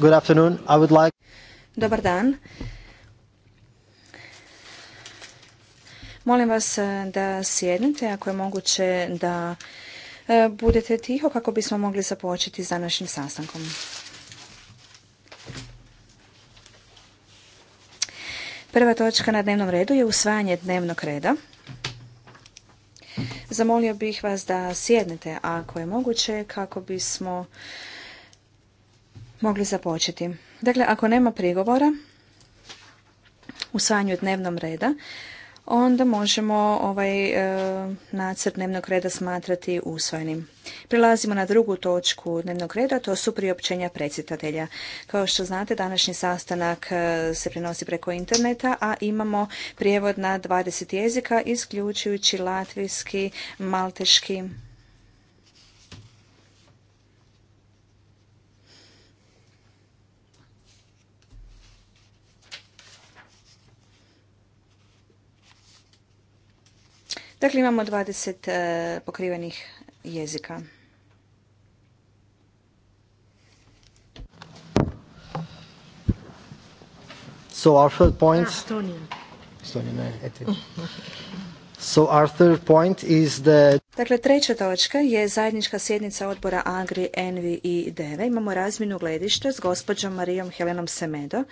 Good afternoon. I would like... Dobar dan. Molim vas eh, da sjednite, ako je moguće da eh, budete tiho kako bismo mogli započeti s današnjim sastankom. Prva točka na dnevnom redu je usvajanje dnevnog reda. Zamolio bih vas da sjednete ako je moguće kako bismo mogli započeti. Dakle, ako nema prigovora u sanju dnevnom reda, onda možemo ovaj e, nacrt dnevnog reda smatrati usvojenim. Prelazimo na drugu točku dnevnog reda, to su priopćenja predsjedatelja. Kao što znate, današnji sastanak e, se prenosi preko interneta, a imamo prijevod na 20 jezika, isključujući latvijski, malteški, Dakle, imamo 20 e, pokrivenih jezika. So our third point... Ah, so third point is the... Dakle, treća točka je zajednička sjednica odbora Agri, Envi i Deve. Imamo razminu gledišta s gospođom Marijom Helenom Semedo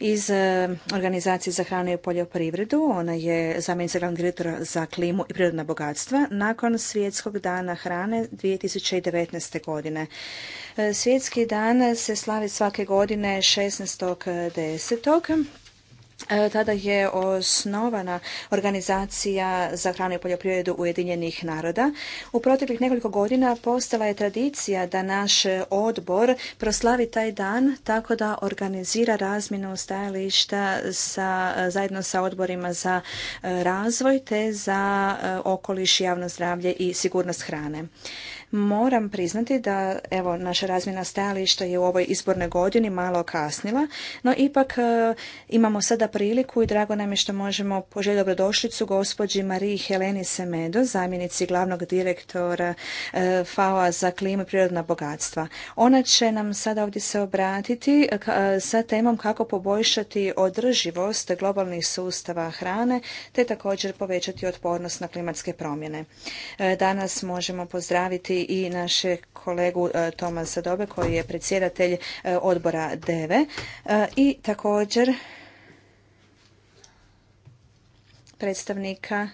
iz e, Organizacije za hranu i poljoprivredu. Ona je zamjenica glavnog direktora za klimu i prirodna bogatstva nakon Svjetskog dana hrane 2019. godine. E, svjetski dan se slavi svake godine 16.10 E, tada je osnovana organizacija za hranu i poljoprivredu Ujedinjenih naroda. U proteklih nekoliko godina postala je tradicija da naš odbor proslavi taj dan tako da organizira razmjenu stajališta sa, zajedno sa odborima za e, razvoj te za e, okoliš, javno zdravlje i sigurnost hrane. Moram priznati da evo naša razmjena stajališta je u ovoj izbornoj godini malo kasnila, no ipak e, imamo sada priliku i drago nam je što možemo poželjeti dobrodošlicu gospođi Mariji Heleni Semedo, zamjenici glavnog direktora e, FAO-a za klimu i prirodna bogatstva. Ona će nam sada ovdje se obratiti e, sa temom kako poboljšati održivost globalnih sustava hrane te također povećati otpornost na klimatske promjene. Danas možemo pozdraviti i, našeg naše kolegu e, Tomasa Dobe koji je predsjedatelj e, odbora DEVE e, i također predstavnika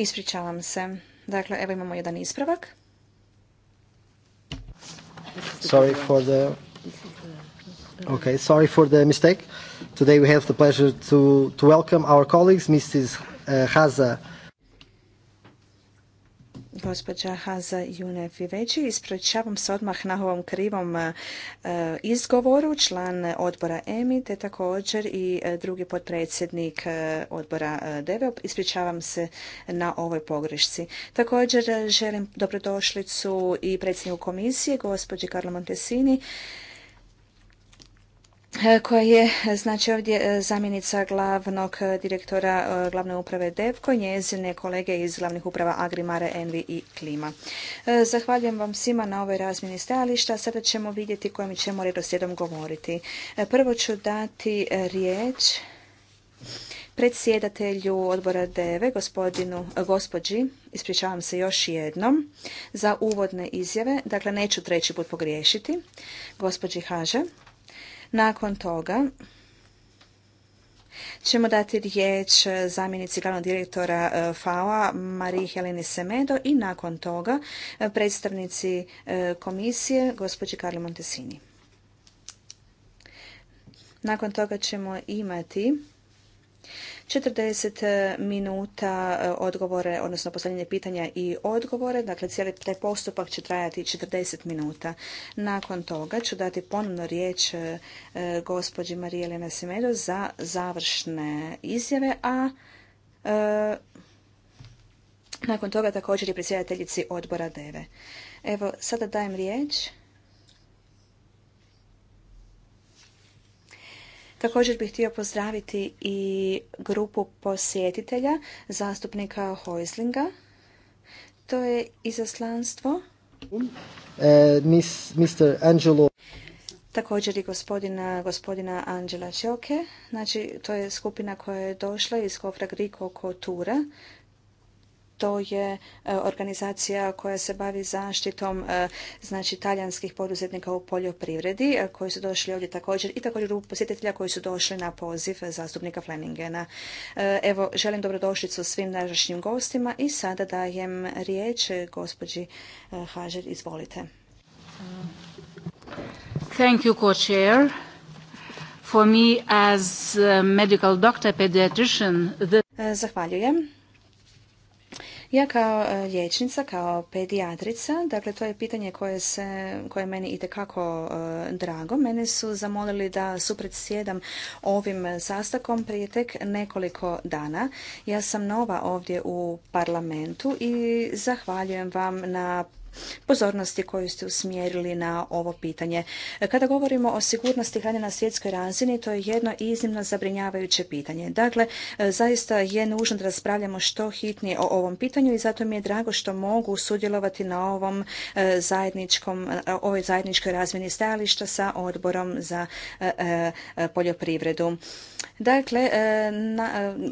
Ispričavam se. Dakle, evo imamo jedan ispravak. Sorry for the Okay, sorry for the mistake. Today we have the pleasure to, to welcome our colleagues, Mrs. Uh, Haza. Gospođa Haza Junef ispričavam se odmah na ovom krivom uh, uh, izgovoru, član odbora EMI, te također i drugi potpredsjednik odbora DEVE. Ispričavam se na ovoj pogrešci. Također želim dobrodošlicu i predsjedniku komisije, gospođi Karlo Montesini, E, koja je znači ovdje e, zamjenica glavnog e, direktora glavne uprave DEVKO, njezine kolege iz glavnih uprava Agrimare, Envi i Klima. Zahvaljujem vam svima na ovoj razmjeni stajališta. Sada ćemo vidjeti kojim ćemo redoslijedom govoriti. Prvo ću dati riječ predsjedatelju odbora DEVE, gospodinu, gospođi, ispričavam se još jednom, za uvodne izjave. Dakle, neću treći put pogriješiti. Gospođi Haže. Nakon toga ćemo dati riječ zamjenici glavnog direktora e, FAO-a Mariji Heleni Semedo i nakon toga e, predstavnici e, komisije gospođi Karli Montesini. Nakon toga ćemo imati 40 e, minuta e, odgovore, odnosno postavljanje pitanja i odgovore. Dakle, cijeli taj postupak će trajati 40 minuta. Nakon toga ću dati ponovno riječ e, gospođi Marije Elena za završne izjave, a nakon toga također i predsjedateljici odbora DEVE. Evo, sada dajem riječ Također bih htio pozdraviti i grupu posjetitelja, zastupnika Hojslinga. To je izaslanstvo. E, Također i gospodina, gospodina Angela Ćoke. Znači, to je skupina koja je došla iz Kofra Griko Kotura to je e, organizacija koja se bavi zaštitom e, znači talijanskih poduzetnika u poljoprivredi e, koji su došli ovdje također i također grupu posjetitelja koji su došli na poziv zastupnika Flemingena. Evo, želim dobrodošlicu svim današnjim gostima i sada dajem riječ gospođi Hažer, izvolite. Thank you, co-chair. For me as medical doctor pediatrician, Zahvaljujem. Ja kao e, liječnica, kao pedijatrica, dakle to je pitanje koje, se, koje je meni itekako e, drago. Mene su zamolili da supredsjedam ovim sastakom prije tek nekoliko dana. Ja sam nova ovdje u parlamentu i zahvaljujem vam na pozornosti koju ste usmjerili na ovo pitanje. Kada govorimo o sigurnosti hrane na svjetskoj razini, to je jedno iznimno zabrinjavajuće pitanje. Dakle, zaista je nužno da raspravljamo što hitnije o ovom pitanju i zato mi je drago što mogu sudjelovati na ovom e, zajedničkom, e, ovoj zajedničkoj razmjeni stajališta sa odborom za e, poljoprivredu. Dakle,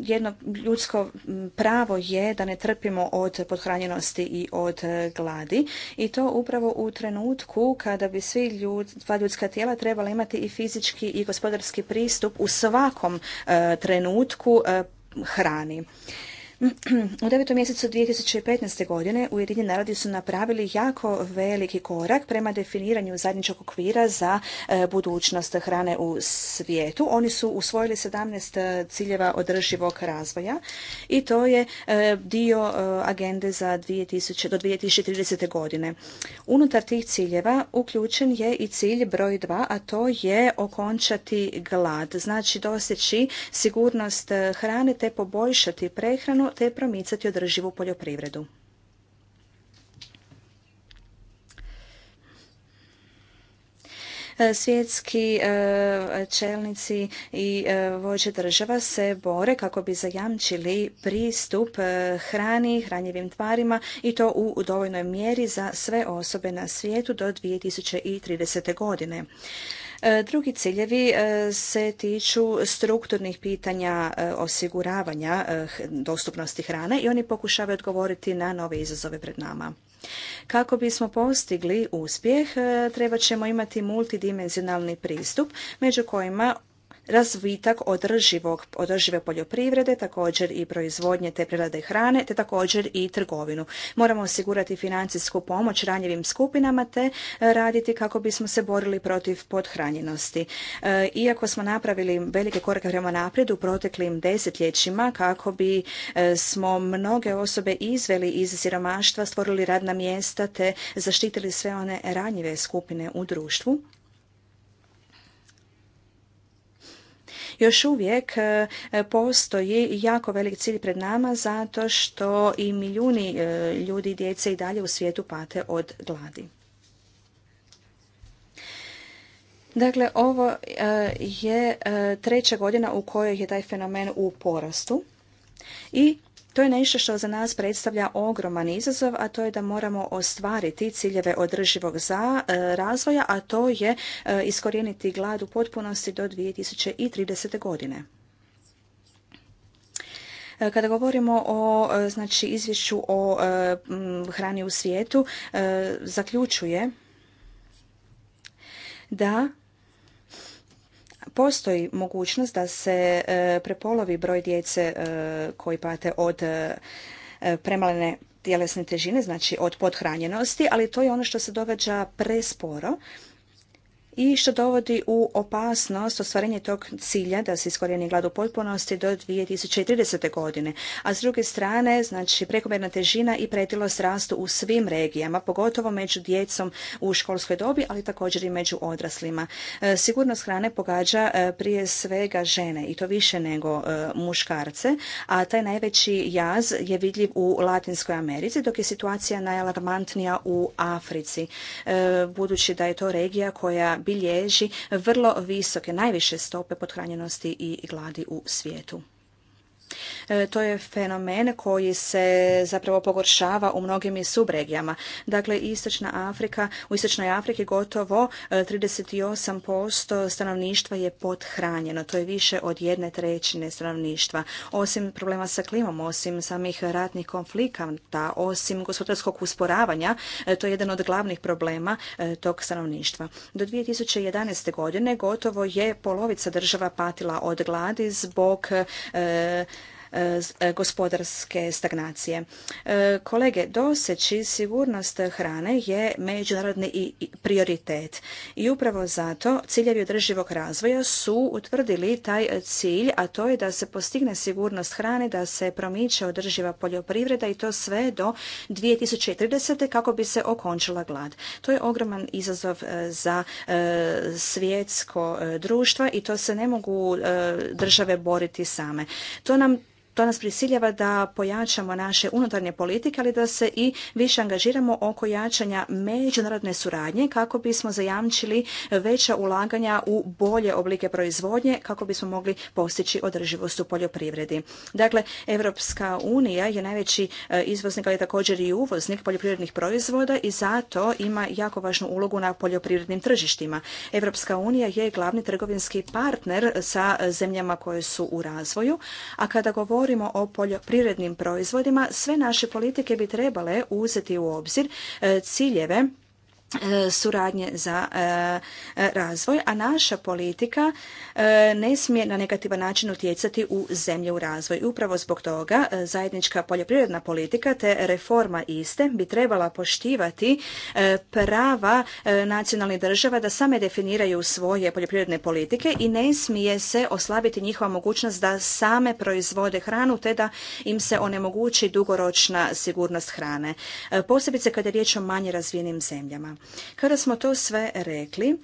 jedno ljudsko pravo je da ne trpimo od podhranjenosti i od gladi i to upravo u trenutku kada bi svi ljud, ljudska tijela trebala imati i fizički i gospodarski pristup u svakom e, trenutku e, hrani. U devetom mjesecu 2015. godine Ujedinjeni narodi su napravili jako veliki korak prema definiranju zajedničkog okvira za e, budućnost hrane u svijetu. Oni su usvojili 17 e, ciljeva održivog razvoja i to je e, dio agende za 2000, do 2030. godine. Unutar tih ciljeva uključen je i cilj broj 2, a to je okončati glad, znači doseći sigurnost hrane te poboljšati prehranu te promicati održivu poljoprivredu. E, svjetski e, čelnici i e, vođe država se bore kako bi zajamčili pristup hrani, hranjivim tvarima i to u dovoljnoj mjeri za sve osobe na svijetu do 2030. godine. E, drugi ciljevi e, se tiču strukturnih pitanja e, osiguravanja dostupnosti hrane i oni pokušavaju odgovoriti na nove izazove pred nama. Kako bismo postigli uspjeh, treba ćemo imati multidimenzionalni pristup, među kojima razvitak održivog, održive poljoprivrede, također i proizvodnje te prerade hrane, te također i trgovinu. Moramo osigurati financijsku pomoć ranjivim skupinama te raditi kako bismo se borili protiv podhranjenosti. E, iako smo napravili velike korake prema naprijed u proteklim desetljećima kako bi e, smo mnoge osobe izveli iz siromaštva, stvorili radna mjesta te zaštitili sve one ranjive skupine u društvu, Još uvijek e, e, postoji jako velik cilj pred nama zato što i milijuni e, ljudi i djece i dalje u svijetu pate od gladi. Dakle, ovo je treća godina u kojoj je taj fenomen u porastu i to je nešto što za nas predstavlja ogroman izazov, a to je da moramo ostvariti ciljeve održivog za e, razvoja, a to je e, iskorijeniti glad u potpunosti do 2030. godine. E, kada govorimo o znači, izvješću o hrani u svijetu, zaključuje da postoji mogućnost da se e, prepolovi broj djece e, koji pate od e, premalene tjelesne težine, znači od pothranjenosti, ali to je ono što se događa presporo i što dovodi u opasnost ostvarenje tog cilja da se iskorijeni glad u potpunosti do 2030. godine. A s druge strane, znači prekomjerna težina i pretilost rastu u svim regijama, pogotovo među djecom u školskoj dobi, ali također i među odraslima. E, sigurnost hrane pogađa e, prije svega žene i to više nego e, muškarce, a taj najveći jaz je vidljiv u Latinskoj Americi, dok je situacija najalarmantnija u Africi, budući da je to regija koja bilježi vrlo visoke, najviše stope pothranjenosti i gladi u svijetu. E, to je fenomen koji se zapravo pogoršava u mnogim i subregijama. Dakle, Istočna Afrika, u Istočnoj Afriki gotovo 38% e, stanovništva je podhranjeno. To je više od jedne trećine stanovništva. Osim problema sa klimom, osim samih ratnih konflikata, osim gospodarskog usporavanja, e, to je jedan od glavnih problema tog stanovništva. Do 2011. godine gotovo je polovica država patila od gladi zbog E, gospodarske stagnacije. E, kolege, doseći sigurnost hrane je međunarodni i prioritet i upravo zato ciljevi održivog razvoja su utvrdili taj cilj, a to je da se postigne sigurnost hrane, da se promiče održiva poljoprivreda i to sve do 2030. kako bi se okončila glad. To je ogroman izazov e, za svjetsko društvo i to se ne mogu države boriti same. To nam to nas prisiljava da pojačamo naše unutarnje politike, ali da se i više angažiramo oko jačanja međunarodne suradnje kako bismo zajamčili veća ulaganja u bolje oblike proizvodnje kako bismo mogli postići održivost u poljoprivredi. Dakle, Europska unija je najveći e, izvoznik, ali također i uvoznik poljoprivrednih proizvoda i zato ima jako važnu ulogu na poljoprivrednim tržištima. Europska unija je glavni trgovinski partner sa e, zemljama koje su u razvoju, a kada govorimo govorimo o poljoprivrednim proizvodima, sve naše politike bi trebale uzeti u obzir e, ciljeve E, suradnje za e, e, razvoj, a naša politika ne smije na negativan način utjecati u zemlje u razvoj. Upravo zbog toga zajednička poljoprivredna politika te reforma iste bi trebala poštivati prava nacionalnih država da same definiraju svoje poljoprivredne politike i ne smije se oslabiti njihova mogućnost da same proizvode hranu te da im se onemogući dugoročna sigurnost hrane. Posebice kada je riječ o manje razvijenim zemljama. Kada smo to sve rekli,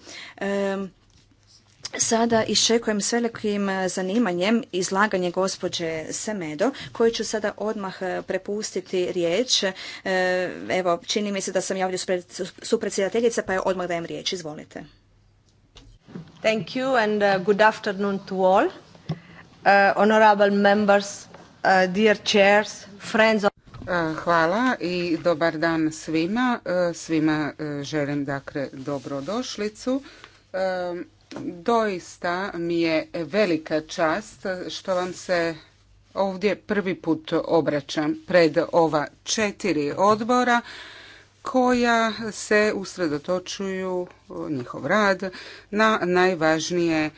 Sada iščekujem s velikim eh, zanimanjem izlaganje gospođe Semedo, koju ću sada odmah eh, prepustiti riječ. Eh, evo, čini mi se da sam ja ovdje supredsjedateljica, pa je odmah dajem riječ. Izvolite. Thank you and good afternoon to all. honorable members, dear chairs, friends E, hvala i dobar dan svima. E, svima e, želim dakle dobrodošlicu. Doista mi je velika čast što vam se ovdje prvi put obraćam pred ova četiri odbora koja se usredotočuju njihov rad na najvažnije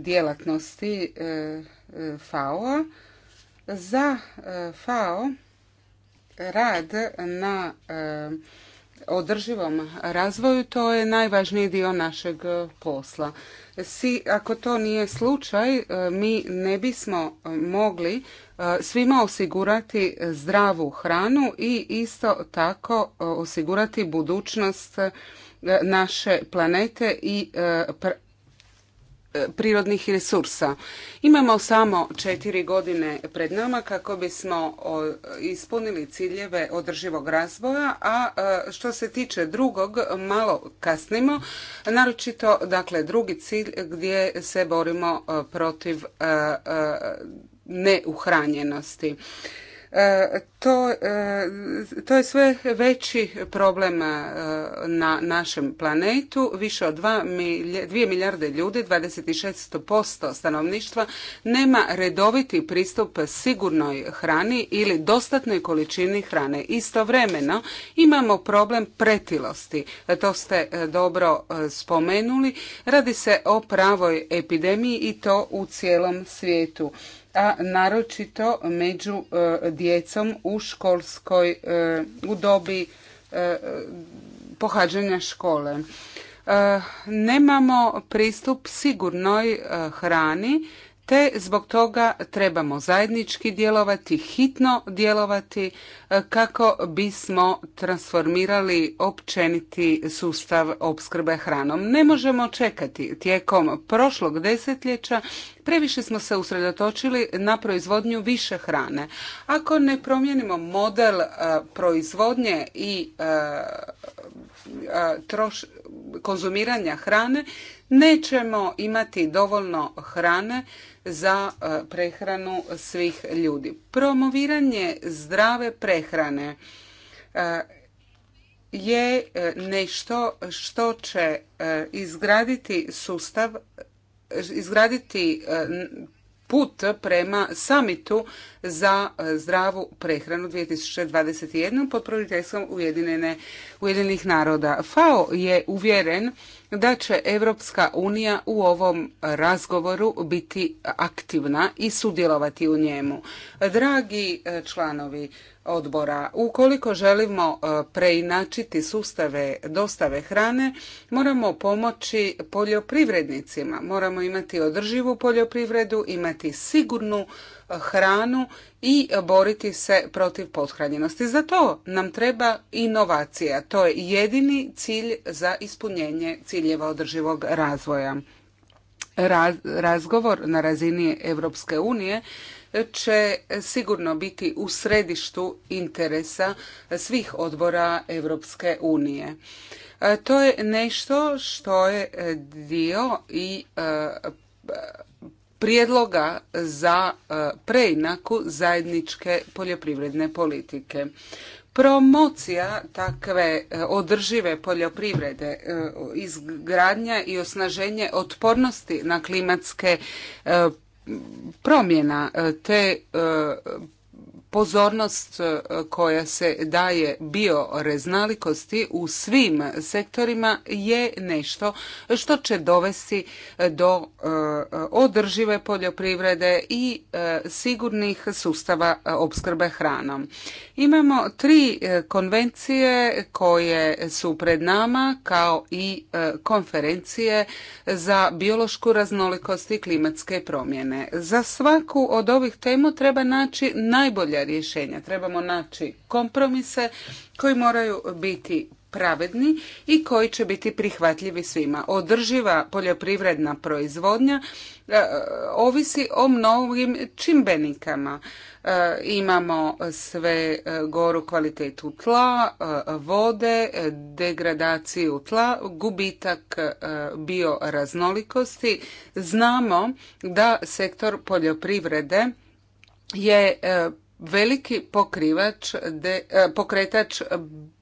djelatnosti FAO-a za e, FAO rad na e, održivom razvoju to je najvažniji dio našeg e, posla. Si, ako to nije slučaj, mi ne bismo mogli svima osigurati zdravu hranu i isto tako osigurati budućnost naše planete i E, prirodnih resursa. Imamo samo četiri godine pred nama kako bismo ispunili ciljeve održivog razvoja, a e, što se tiče drugog, malo kasnimo, naročito dakle drugi cilj gdje se borimo e, protiv neuhranjenosti. E, to, e, to je sve veći problem e, na našem planetu. Više od 2 milijarde ljudi, 26% stanovništva, nema redoviti pristup sigurnoj hrani ili dostatnoj količini hrane. Istovremeno imamo problem pretilosti. To ste dobro spomenuli. Radi se o pravoj epidemiji i to u cijelom svijetu a naročito među e, djecom u školskoj, e, u dobi e, pohađanja škole. Nemamo pristup sigurnoj hrani te zbog toga trebamo zajednički djelovati, hitno djelovati e, kako bismo transformirali općeniti sustav opskrbe hranom. Ne možemo čekati. Tijekom prošlog desetljeća previše smo se usredotočili na proizvodnju više hrane. Ako ne promijenimo model e, proizvodnje i e, troš, konzumiranja hrane, nećemo imati dovoljno hrane za e, prehranu svih ljudi. Promoviranje zdrave prehrane e, je e, nešto što će izgraditi sustav, izgraditi put prema samitu za e, zdravu prehranu 2021. pod prioritetskom Ujedinjenih naroda. FAO je uvjeren da će Europska unija u ovom razgovoru biti aktivna i sudjelovati u njemu. Dragi e, članovi odbora, ukoliko želimo e, preinačiti sustave dostave hrane, moramo pomoći poljoprivrednicima. Moramo imati održivu poljoprivredu, imati sigurnu hranu i boriti se protiv pothranjenosti. Za to nam treba inovacija. To je jedini cilj za ispunjenje ciljeva održivog razvoja. razgovor na razini Europske unije će sigurno biti u središtu interesa svih odbora Europske unije. E, to je nešto što je dio i e, prijedloga za e, preinaku zajedničke poljoprivredne politike. Promocija takve e, održive poljoprivrede, e, izgradnja i osnaženje otpornosti na klimatske promjena te pozornost e, koja se daje bioreznalikosti u svim sektorima je nešto što će dovesti e, do e, održive poljoprivrede i sigurnih sustava opskrbe hranom. Imamo tri konvencije koje su pred nama kao i konferencije za biološku raznolikost i klimatske promjene. Za svaku od ovih temu treba naći najbolje rješenja. Trebamo naći kompromise koji moraju biti pravedni i koji će biti prihvatljivi svima. Održiva poljoprivredna proizvodnja e, ovisi o mnogim čimbenikama. E, imamo sve e, goru kvalitetu tla, vode, degradaciju tla, gubitak bioraznolikosti. Znamo da sektor poljoprivrede je veliki pokrivač de, e, pokretač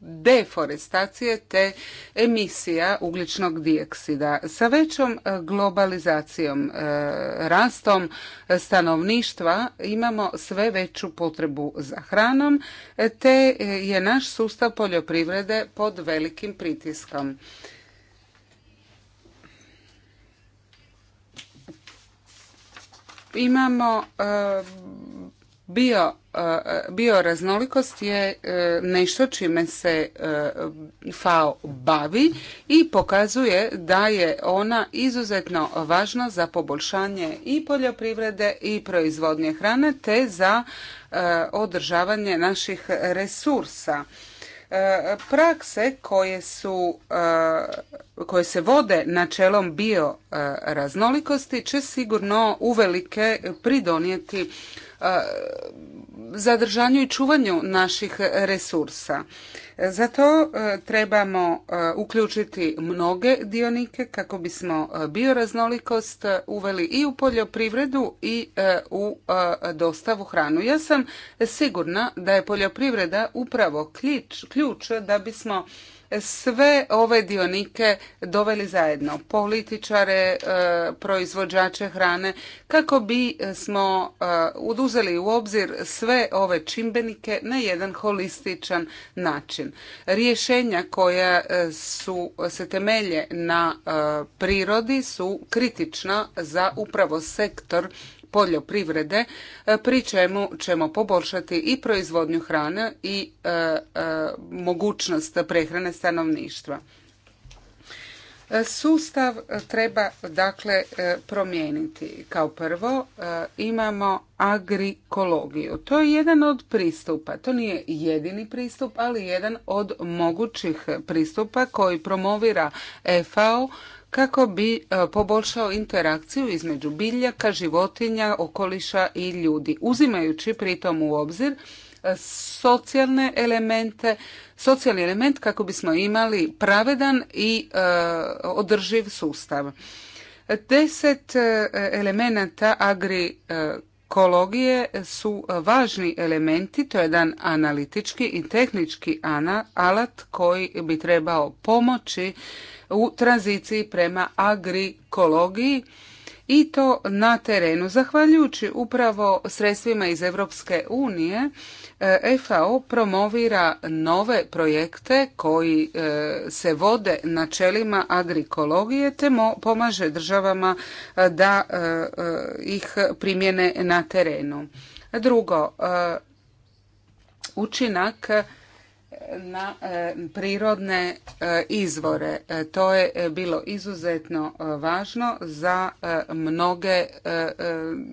deforestacije te emisija ugljičnog dioksida. Sa većom e, globalizacijom, e, rastom stanovništva imamo sve veću potrebu za hranom te je naš sustav poljoprivrede pod velikim pritiskom. Imamo bio bioraznolikost je e, nešto čime se e, FAO bavi i pokazuje da je ona izuzetno važna za poboljšanje i poljoprivrede i proizvodnje hrane te za e, održavanje naših resursa prakse koje su koje se vode načelom bioraznolikosti će sigurno uvelike pridonijeti zadržanju i čuvanju naših resursa. Zato e, trebamo e, uključiti mnoge dionike kako bismo e, bioraznolikost uveli i u poljoprivredu i u dostavu hranu. Ja sam sigurna da je poljoprivreda upravo ključ da bismo sve ove dionike doveli zajedno, političare, e, proizvođače hrane, kako bi smo uduzeli e, u obzir sve ove čimbenike na jedan holističan način. Rješenja koja e, su, se temelje na prirodi su kritična za upravo sektor poljoprivrede, e, pri čemu ćemo poboljšati i proizvodnju hrane i e, e, mogućnost prehrane stanovništva. Sustav treba dakle promijeniti. Kao prvo imamo agrikologiju. To je jedan od pristupa. To nije jedini pristup, ali jedan od mogućih pristupa koji promovira FAO kako bi e, poboljšao interakciju između biljaka, životinja, okoliša i ljudi, uzimajući pritom u obzir e, socijalne elemente, socijalni element kako bismo imali pravedan i e, održiv sustav. Deset elemenata agrikologije su važni elementi, to je jedan analitički i tehnički alat koji bi trebao pomoći u tranziciji prema agrikologiji i to na terenu. Zahvaljujući upravo sredstvima iz Europske unije, e, FAO promovira nove projekte koji e, se vode načelima agrikologije te pomaže državama e, da ih primjene na terenu. Drugo, učinak na e, prirodne e, izvore. E, to je bilo izuzetno važno za mnoge,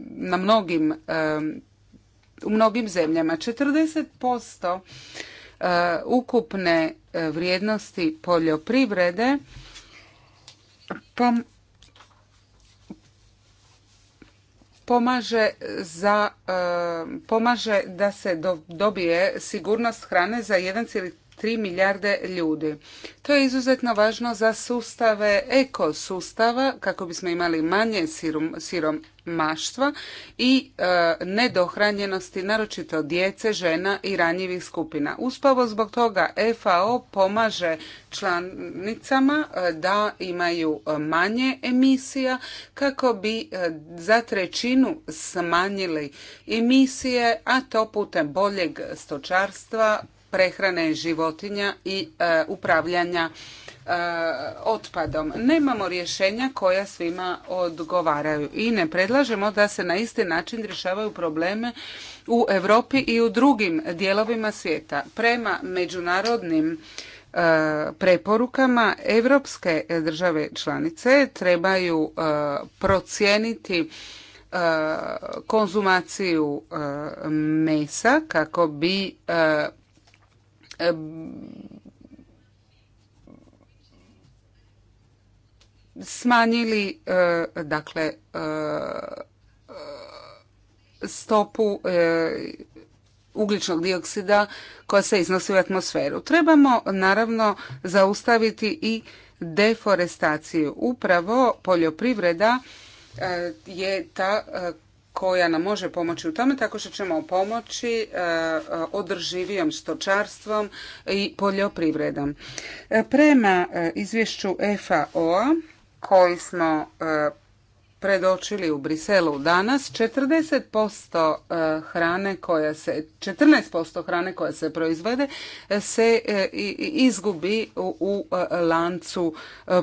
na mnogim, u mnogim zemljama. 40% ukupne vrijednosti poljoprivrede pomaže, za, e, pomaže da se dobije sigurnost hrane za 1,3 3 milijarde ljudi. To je izuzetno važno za sustave ekosustava kako bismo imali manje siromaštva i e, nedohranjenosti, naročito djece, žena i ranjivih skupina. Uspavo zbog toga FAO pomaže članicama e, da imaju manje emisija kako bi e, za trećinu smanjili emisije, a to putem boljeg stočarstva, prehrane životinja i e, upravljanja e, otpadom. Nemamo rješenja koja svima odgovaraju i ne predlažemo da se na isti način rješavaju probleme u Europi i u drugim dijelovima svijeta. Prema međunarodnim e, preporukama europske države članice trebaju procijeniti konzumaciju mesa kako bi smanjili e, dakle e, stopu e, ugljičnog dioksida koja se iznosi u atmosferu. Trebamo naravno zaustaviti i deforestaciju. Upravo poljoprivreda je ta koja nam može pomoći u tome tako što ćemo pomoći e, e, održivijom stočarstvom i poljoprivredom. E, prema izvješću FAO-a koji smo predočili u Briselu danas, 40% e, hrane koja se, 14% hrane koja se proizvede e, se e, izgubi u lancu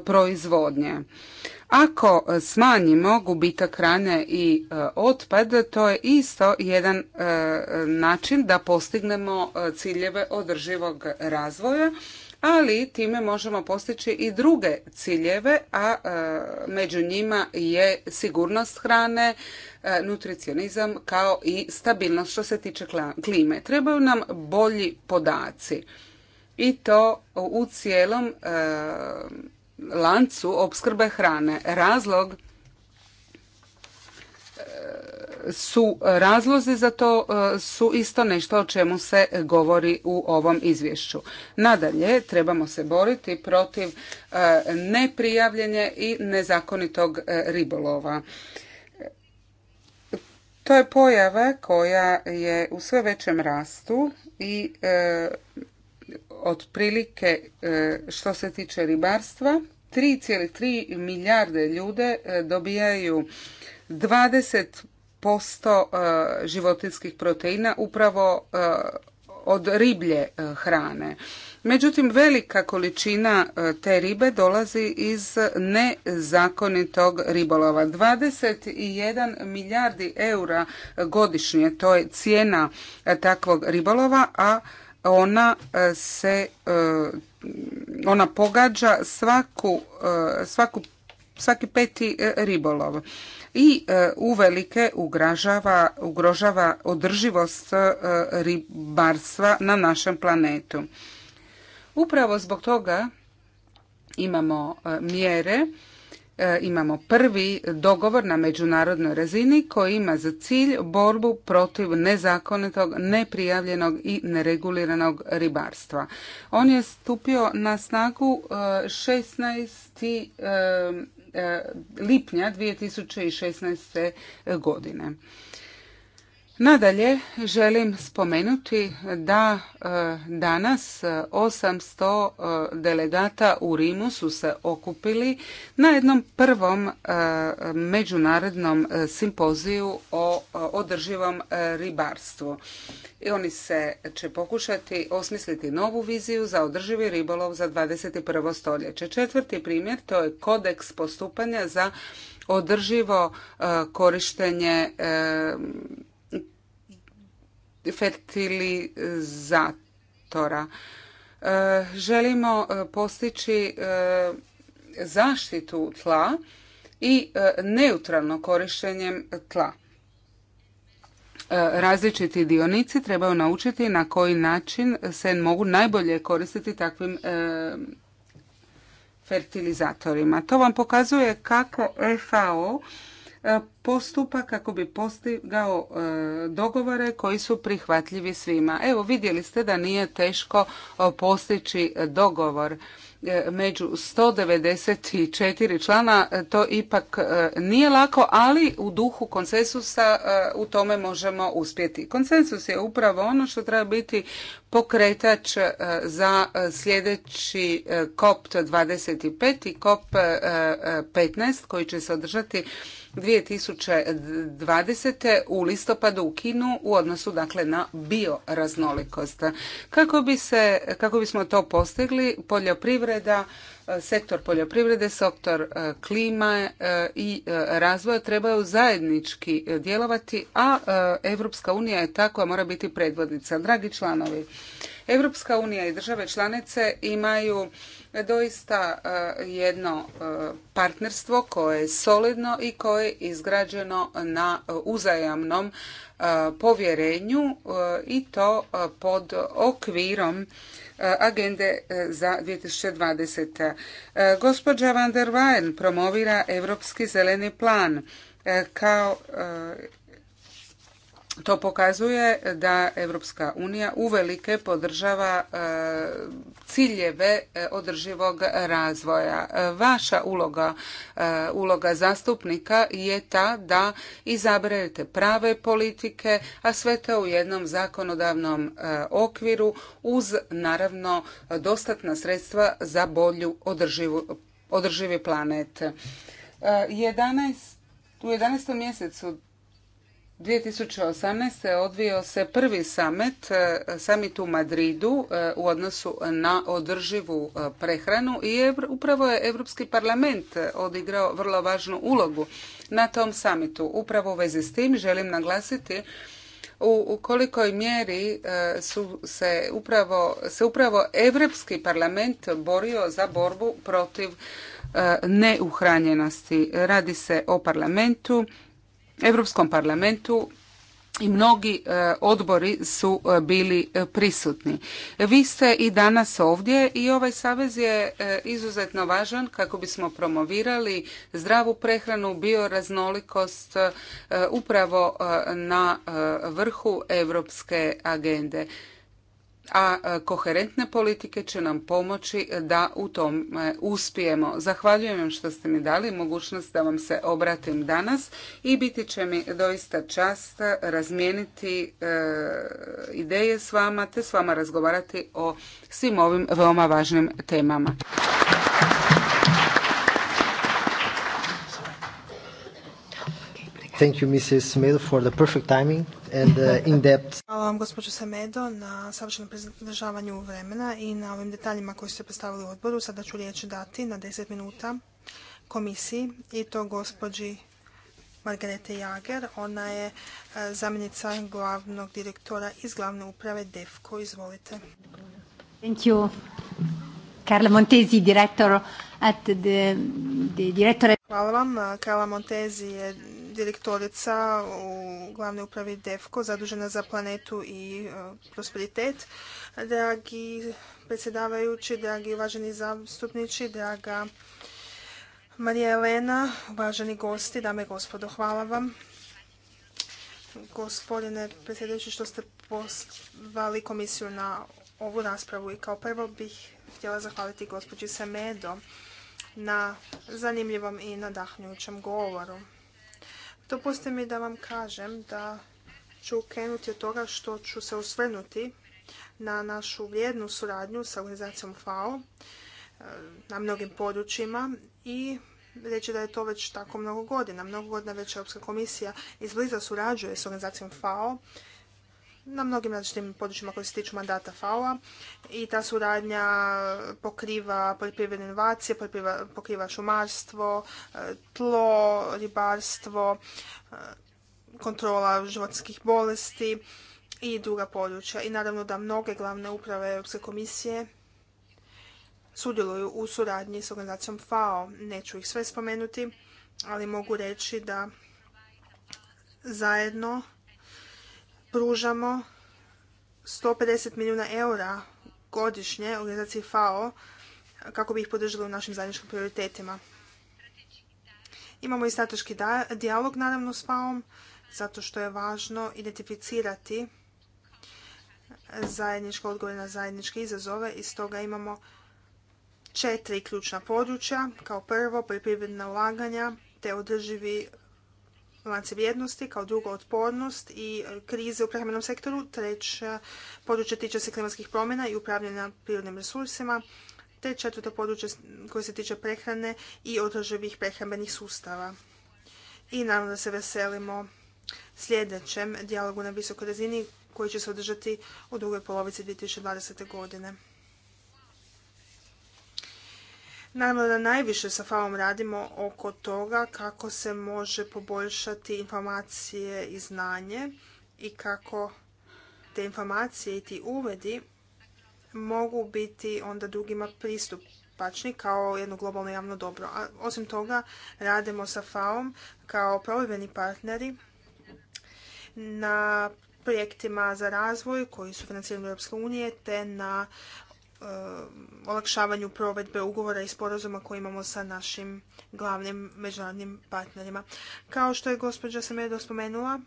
proizvodnje. Ako smanjimo gubitak hrane i otpad, to je isto jedan način da postignemo ciljeve održivog razvoja ali time možemo postići i druge ciljeve, a e, među njima je sigurnost hrane, e, nutricionizam kao i stabilnost što se tiče klime. Trebaju nam bolji podaci i to u cijelom e, lancu opskrbe hrane. Razlog su razlozi za to e, su isto nešto o čemu se govori u ovom izvješću. Nadalje, trebamo se boriti protiv e, neprijavljenja i nezakonitog e, ribolova. To je pojava koja je u sve većem rastu i otprilike što se tiče ribarstva 3,3 milijarde ljude dobijaju 20 posto e, životinskih proteina upravo e, od riblje e, hrane. Međutim, velika količina te ribe dolazi iz nezakonitog ribolova. 21 milijardi eura godišnje, to je cijena takvog ribolova, a ona se ona pogađa svaku, svaku, svaki peti ribolov i e, uvelike ugražava, ugrožava održivost e, ribarstva na našem planetu. Upravo zbog toga imamo e, mjere imamo prvi dogovor na međunarodnoj razini koji ima za cilj borbu protiv nezakonitog, neprijavljenog i nereguliranog ribarstva. On je stupio na snagu 16. E, lipnja 2016. godine. Nadalje, želim spomenuti da e, danas 800 e, e, delegata u Rimu su se okupili na jednom prvom međunarodnom simpoziju o održivom ribarstvu. I oni se će pokušati osmisliti novu viziju za održivi ribolov za 21. stoljeće. Četvrti primjer to je kodeks postupanja za održivo korištenje fertilizatora. E, želimo e, postići e, zaštitu tla i neutralno korištenjem tla. Različiti dionici trebaju naučiti na koji način se mogu najbolje koristiti takvim fertilizatorima. To vam pokazuje kako FAO postupa kako bi postigao e, dogovore koji su prihvatljivi svima. Evo vidjeli ste da nije teško e, postići dogovor e, među 194 člana to ipak nije lako, ali u duhu konsensusa u tome možemo uspjeti. Konsensus je upravo ono što treba biti pokretač za sljedeći COP25 i COP15 koji će se održati 2020. u listopadu u Kinu u odnosu dakle na bioraznolikost. Kako, bi se, kako bismo to postigli, poljoprivreda, e, sektor poljoprivrede, sektor e, klima e, i razvoja trebaju zajednički djelovati, a Europska unija je ta koja mora biti predvodnica. Dragi članovi, Europska unija i države članice imaju doista e, jedno e, partnerstvo koje je solidno i koje je izgrađeno na uzajamnom e, povjerenju i to pod okvirom agende za 2020. Gospođa van der Weyen promovira Europski zeleni plan kao to pokazuje da Europska unija uvelike podržava e, ciljeve e, održivog razvoja. Vaša uloga, e, uloga zastupnika je ta da izaberete prave politike, a sve to u jednom zakonodavnom okviru uz naravno dostatna sredstva za bolju održivu, održivi planet. 11, u 11. mjesecu 2018. odvio se prvi summit, e, samitu u Madridu e, u odnosu na održivu e, prehranu i upravo je Europski parlament odigrao vrlo važnu ulogu na tom samitu. Upravo u vezi s tim želim naglasiti u kolikoj mjeri su se upravo, se upravo Europski parlament borio za borbu protiv neuhranjenosti. Radi se o parlamentu Europskom parlamentu i mnogi e, odbori su e, bili e, prisutni. Vi ste i danas ovdje i ovaj savez je izuzetno važan kako bismo promovirali zdravu prehranu, bioraznolikost upravo na vrhu europske agende a e, koherentne politike će nam pomoći da u tom e, uspijemo. Zahvaljujem vam što ste mi dali mogućnost da vam se obratim danas i biti će mi doista čast razmijeniti e, ideje s vama te s vama razgovarati o svim ovim veoma važnim temama. Thank you, Mrs. for the perfect timing and uh, in depth. Hvala vam, gospođo Semedo, na savršenom pridržavanju vremena i na ovim detaljima koji ste predstavili u odboru. Sada ću riječ dati na 10 minuta komisiji i to gospođi Margarete Jager. Ona je e, zamjenica glavnog direktora iz glavne uprave DEFCO. Izvolite. Karla Montesi, direktor at the, the Hvala vam. Carla Montesi je direktorica u glavnoj upravi DEFCO, zadužena za planetu i e, prosperitet. Dragi predsjedavajući, dragi uvaženi zastupnici, draga Marija Elena, uvaženi gosti, dame i gospodo, hvala vam. Gospodine predsjedajući što ste pozvali komisiju na ovu raspravu i kao prvo bih htjela zahvaliti gospođi Semedo na zanimljivom i nadahnjućem govoru. Dopustite mi da vam kažem da ću krenuti od toga što ću se osvrnuti na našu vrijednu suradnju sa organizacijom FAO e, na mnogim područjima i reći da je to već tako mnogo godina. Mnogo godina već Europska komisija izbliza surađuje s organizacijom FAO na mnogim različitim područjima koji se tiču mandata FAO-a i ta suradnja pokriva poljoprivredne inovacije, pokriva, šumarstvo, e, tlo, ribarstvo, e, kontrola životskih bolesti i druga područja. I naravno da mnoge glavne uprave Europske komisije sudjeluju u suradnji s organizacijom FAO. Neću ih sve spomenuti, ali mogu reći da zajedno pružamo 150 milijuna eura godišnje organizaciji FAO kako bi ih podržali u našim zajedničkim prioritetima. Imamo i strateški dijalog naravno s fao zato što je važno identificirati zajedničke odgovore na zajedničke izazove i stoga imamo četiri ključna područja. Kao prvo, poljoprivredna ulaganja te održivi lance vrijednosti, kao drugo otpornost i e, krize u prehrambenom sektoru, treće područje tiče se klimatskih promjena i upravljanja prirodnim resursima, te četvrto područje koje se tiče prehrane i održivih prehrambenih sustava. I naravno da se veselimo sljedećem dijalogu na visokoj razini koji će se održati u drugoj polovici 2020. godine. Naravno da najviše sa FAO-om radimo oko toga kako se može poboljšati informacije i znanje i kako te informacije i ti uvedi mogu biti onda drugima pristupačni kao jedno globalno javno dobro. A osim toga radimo sa FAO-om kao provedbeni partneri na projektima za razvoj koji su financirani Europske unije te na Eh, olakšavanju provedbe ugovora i sporazuma koji imamo sa našim glavnim međunarodnim partnerima. Kao što je gospođa Semedo spomenula,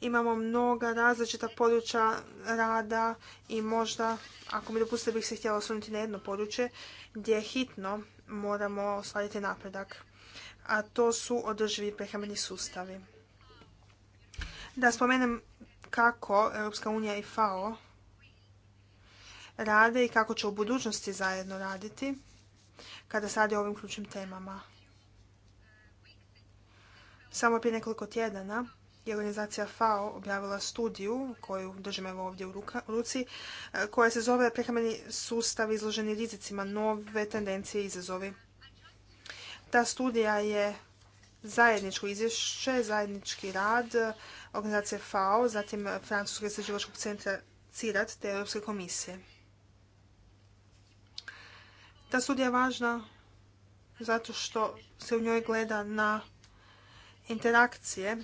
imamo mnoga različita područja rada i možda, ako mi dopustite, bih se htjela osvrnuti na jedno područje gdje hitno moramo ostvariti napredak, a to su održivi prehrambeni sustavi. Da spomenem kako Europska unija i FAO rade i kako će u budućnosti zajedno raditi kada se radi o ovim ključnim temama. Samo prije nekoliko tjedana je organizacija FAO objavila studiju koju držim evo ovdje u ruci, e, koja se zove prehrambeni sustav izloženi rizicima, nove tendencije i izazovi. Ta studija je zajedničko izvješće, zajednički rad organizacije FAO, zatim Francuskog istraživačkog centra CIRAT te Europske komisije. Ta studija je važna zato što se u njoj gleda na interakcije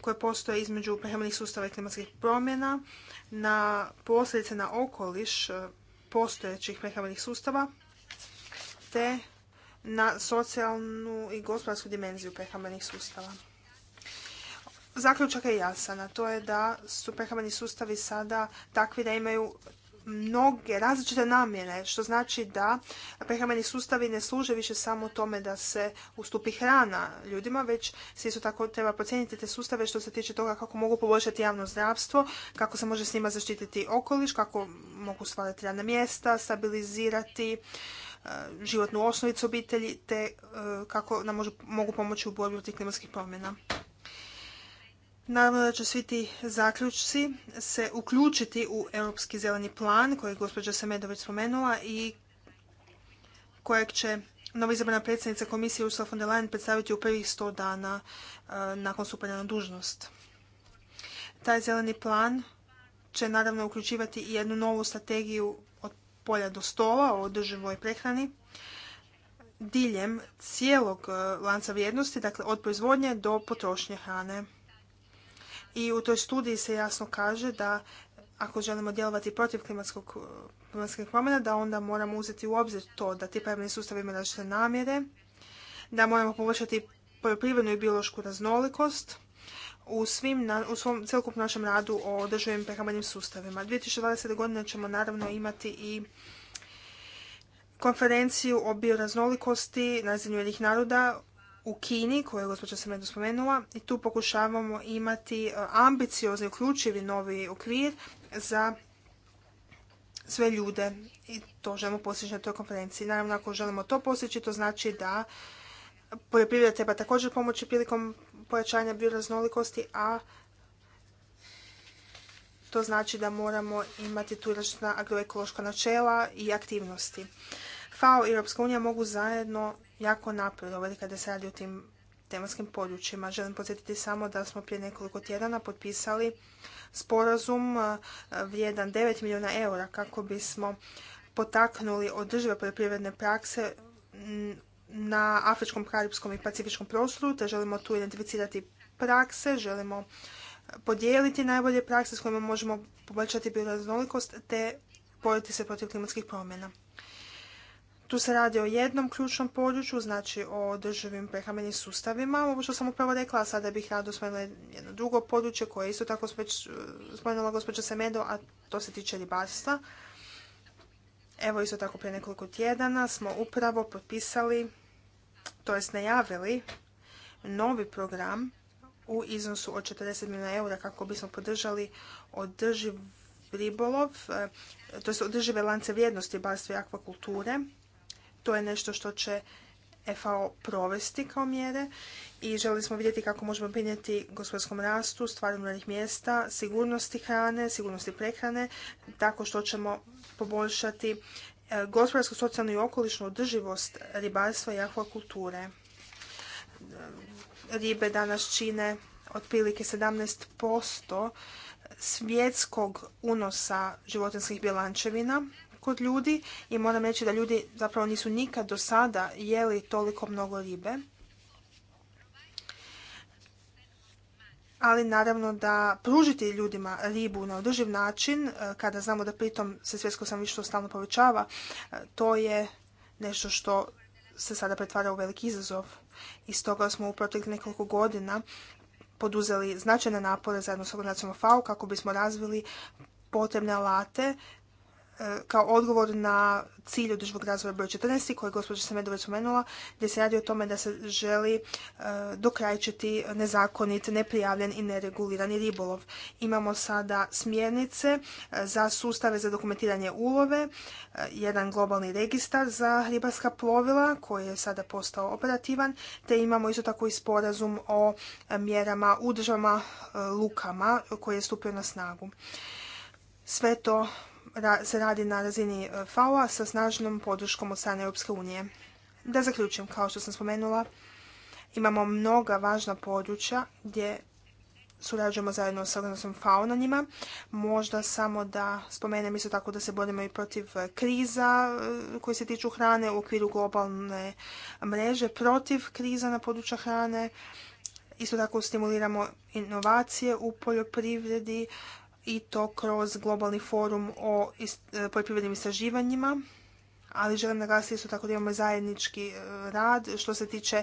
koje postoje između prehrambenih sustava i klimatskih promjena, na posljedice na okoliš postojećih prehrambenih sustava, te na socijalnu i gospodarsku dimenziju prehrambenih sustava. Zaključak je jasan, a to je da su prehrambeni sustavi sada takvi da imaju mnoge različite namjene, što znači da prehrambeni sustavi ne služe više samo tome da se ustupi hrana ljudima, već se su tako treba procijeniti te sustave što se tiče toga kako mogu poboljšati javno zdravstvo, kako se može s njima zaštititi okoliš, kako mogu stvarati radna mjesta, stabilizirati e, životnu osnovicu obitelji te e, kako nam mogu pomoći u borbi protiv klimatskih promjena. Naravno da će svi ti zaključci se uključiti u Europski zeleni plan koji je gospođa Semedović spomenula i kojeg će novi izabrana predsjednica komisije Ursula von der Leyen predstaviti u prvih sto dana e, nakon stupanja na dužnost. Taj zeleni plan će naravno uključivati i jednu novu strategiju od polja do stola o održivoj prehrani diljem cijelog e, lanca vrijednosti, dakle od proizvodnje do potrošnje hrane i u toj studiji se jasno kaže da ako želimo djelovati protiv klimatskog, e, klimatskih promjena, da onda moramo uzeti u obzir to da ti pravni sustavi imaju različite namjere, da moramo poboljšati poljoprivrednu i biološku raznolikost u, svim, u svom celokupnom našem radu o održivim prehrambenim sustavima. 2020. godine ćemo naravno imati i konferenciju o bioraznolikosti na jednih naroda u Kini, koju je gospođa Semedo spomenula, i tu pokušavamo imati e, ambiciozni, uključivi novi okvir za sve ljude i to želimo postići na toj konferenciji. Naravno, ako želimo to postići, to znači da poljoprivreda treba također pomoći prilikom pojačanja bioraznolikosti, a to znači da moramo imati tu agroekološka načela i aktivnosti. FAO i Europska unija mogu zajedno jako napredovali kada se radi o tim tematskim područjima. Želim podsjetiti samo da smo prije nekoliko tjedana potpisali sporazum vrijedan 9 milijuna eura kako bismo potaknuli održive poljoprivredne prakse na afričkom, karibskom i pacifičkom prostoru, te želimo tu identificirati prakse, želimo podijeliti najbolje prakse s kojima možemo poboljšati bioraznolikost te boriti se protiv klimatskih promjena. Tu se radi o jednom ključnom području, znači o održivim prehrambenim sustavima. Ovo što sam upravo rekla, a sada bih rado spomenula jedno drugo područje koje je isto tako spomenula gospođa Semedo, a to se tiče ribarstva. Evo isto tako prije nekoliko tjedana smo upravo potpisali, to jest najavili, novi program u iznosu od 40 milijuna eura kako bismo podržali održiv ribolov, e, to jest održive lance vrijednosti ribarstva i akvakulture to je nešto što će FAO provesti kao mjere i želi smo vidjeti kako možemo pinjeti gospodarskom rastu, stvaranju radnih mjesta, sigurnosti hrane, sigurnosti prehrane, tako što ćemo poboljšati e, gospodarsku, socijalnu i okolišnu održivost ribarstva i akvakulture. E, ribe danas čine otprilike 17% svjetskog unosa životinskih bjelančevina kod ljudi i moram reći da ljudi zapravo nisu nikad do sada jeli toliko mnogo ribe. ali naravno da pružiti ljudima ribu na održiv način, e, kada znamo da pritom se svjetsko stanovništvo stalno povećava, e, to je nešto što se sada pretvara u veliki izazov. I stoga smo u proteklih nekoliko godina poduzeli značajne napore zajedno s organizacijom FAO kako bismo razvili potrebne alate E, kao odgovor na cilj održivog razvoja broj 14 koji je gospođa Samedova spomenula, gdje se radi o tome da se želi e, dokrajčiti nezakonit, neprijavljen i neregulirani ribolov. Imamo sada smjernice e, za sustave za dokumentiranje ulove, jedan globalni registar za ribarska plovila koji je sada postao operativan, te imamo isto tako i sporazum o mjerama u državama lukama koji je stupio na snagu. Sve to se radi na razini e, FAO-a sa snažnom podrškom od strane Europske unije. Da zaključim, kao što sam spomenula, imamo mnoga važna područja gdje surađujemo zajedno sa organizacijom FAO na njima. Možda samo da spomenem isto tako da se borimo i protiv e, kriza e, koji se tiču hrane u okviru globalne mreže, protiv kriza na području hrane. Isto tako stimuliramo inovacije u poljoprivredi, i to kroz globalni forum o e, poljoprivrednim istraživanjima ali želim naglasiti isto tako da imamo zajednički e, rad što se tiče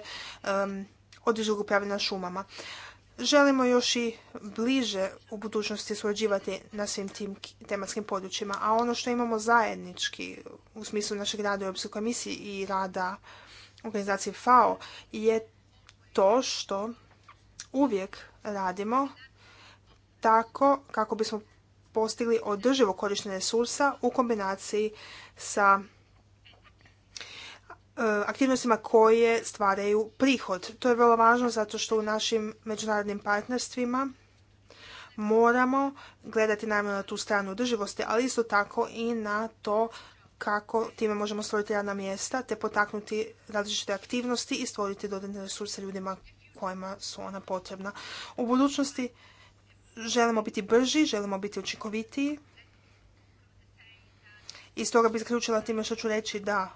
um, održivog upravljanja šumama. Želimo još i bliže u budućnosti surađivati na svim tim tematskim područjima, a ono što imamo zajednički u smislu našeg rada u Europskoj komisiji i rada organizacije FAO je to što uvijek radimo tako kako bismo postigli održivo korištenje resursa u kombinaciji sa e, aktivnostima koje stvaraju prihod. To je vrlo važno zato što u našim međunarodnim partnerstvima moramo gledati naravno na tu stranu održivosti, ali isto tako i na to kako time možemo stvoriti radna mjesta te potaknuti različite aktivnosti i stvoriti dodatne resurse ljudima kojima su ona potrebna. U budućnosti želimo biti brži, želimo biti učinkovitiji. I stoga bih zaključila time što ću reći da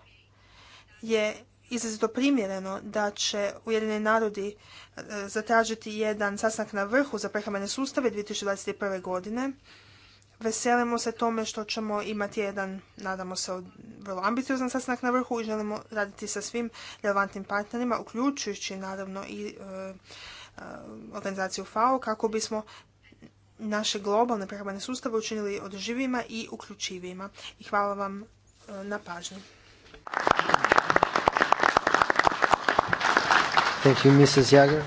je izrazito primjereno da će Ujedinjeni narodi e, zatražiti jedan sastanak na vrhu za prehrambene sustave 2021. godine. Veselimo se tome što ćemo imati jedan, nadamo se, vrlo ambiciozan sastanak na vrhu i želimo raditi sa svim relevantnim partnerima, uključujući naravno i e, e, organizaciju FAO kako bismo naše globalne prehrambene sustave učinili održivima i uključivijima. I hvala vam e, na pažnji. Thank you, Mrs.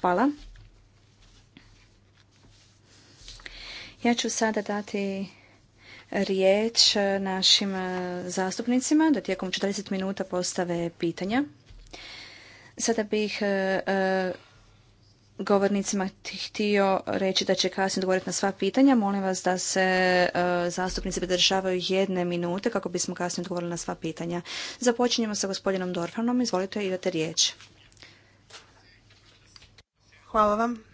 Hvala. Ja ću sada dati riječ našim e, zastupnicima da tijekom 40 minuta postave pitanja. Sada bih e, govornicima htio reći da će kasnije odgovoriti na sva pitanja. Molim vas da se e, zastupnici pridržavaju jedne minute kako bismo kasnije odgovorili na sva pitanja. Započinjemo sa gospodinom Dorfanom. Izvolite, idete riječ. Hvala vam.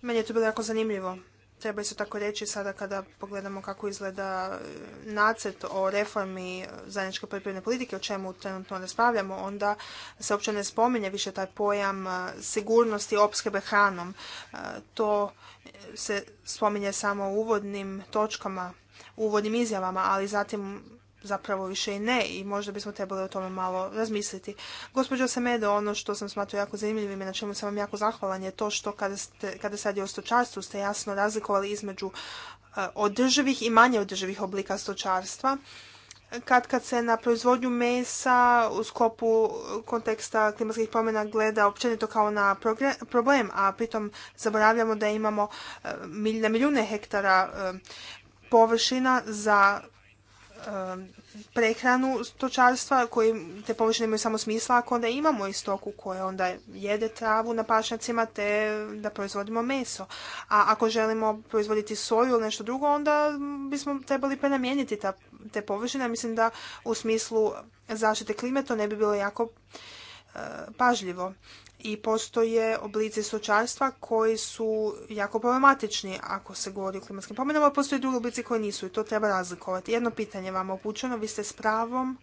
Meni je to bilo jako zanimljivo Treba isto tako reći sada kada pogledamo kako izgleda e, nacrt o reformi e, zajedničke poljoprivredne politike, o čemu trenutno raspravljamo, onda se uopće ne spominje više taj pojam e, sigurnosti opskrbe hranom. To se spominje samo u uvodnim točkama, u uvodnim izjavama, ali zatim zapravo više i ne i možda bismo trebali o tome malo razmisliti. Gospođo Semedo, ono što sam smatrao jako zanimljivim i na čemu sam vam jako zahvalan je to što kada, ste, kada sad je o stočarstvu ste jasno razlikovali između eh, održivih i manje održivih oblika stočarstva kad kad se na proizvodnju mesa u skopu konteksta klimatskih promjena gleda općenito kao na problem, a pritom zaboravljamo da imamo eh, na milijune hektara eh, površina za Um, prehranu stočarstva koji te površine imaju samo smisla ako onda imamo i stoku koja onda jede travu na pašnjacima te da proizvodimo meso. A ako želimo proizvoditi soju ili nešto drugo onda bismo trebali prenamijeniti ta, te površine. Mislim da u smislu zaštite klime to ne bi bilo jako pažljivo. I postoje oblici stočarstva koji su jako problematični ako se govori o klimatskim promjenama, postoje drugi oblici koji nisu i to treba razlikovati. Jedno pitanje vam upućeno, vi ste s pravom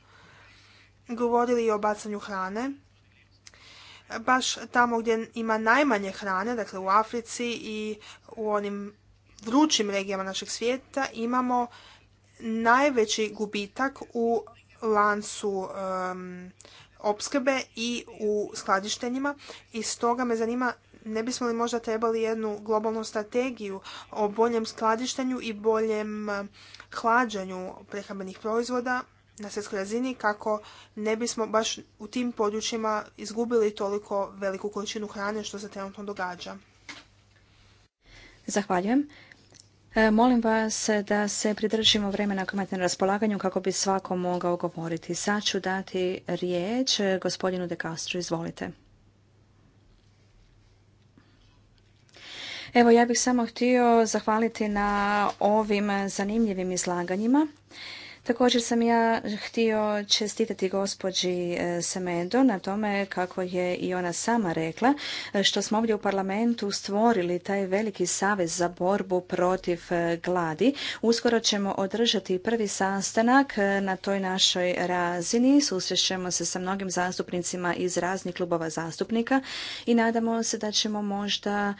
govorili i o bacanju hrane. Baš tamo gdje ima najmanje hrane, dakle u Africi i u onim vrućim regijama našeg svijeta, imamo najveći gubitak u lancu opskrbe i u skladištenjima i stoga me zanima ne bismo li možda trebali jednu globalnu strategiju o boljem skladištenju i boljem e, hlađanju prehrambenih proizvoda na svjetskoj razini kako ne bismo baš u tim područjima izgubili toliko veliku količinu hrane što se trenutno događa. Zahvaljujem. E, molim vas da se pridržimo vremena koje imate na raspolaganju kako bi svako mogao govoriti. Sad ću dati riječ gospodinu De Castro. Izvolite. Evo, ja bih samo htio zahvaliti na ovim zanimljivim izlaganjima. Također sam ja htio čestitati gospođi e, Semedo na tome kako je i ona sama rekla e, što smo ovdje u parlamentu stvorili taj veliki savez za borbu protiv e, gladi. Uskoro ćemo održati prvi sastanak na toj našoj razini. Susrećemo se sa mnogim zastupnicima iz raznih klubova zastupnika i nadamo se da ćemo možda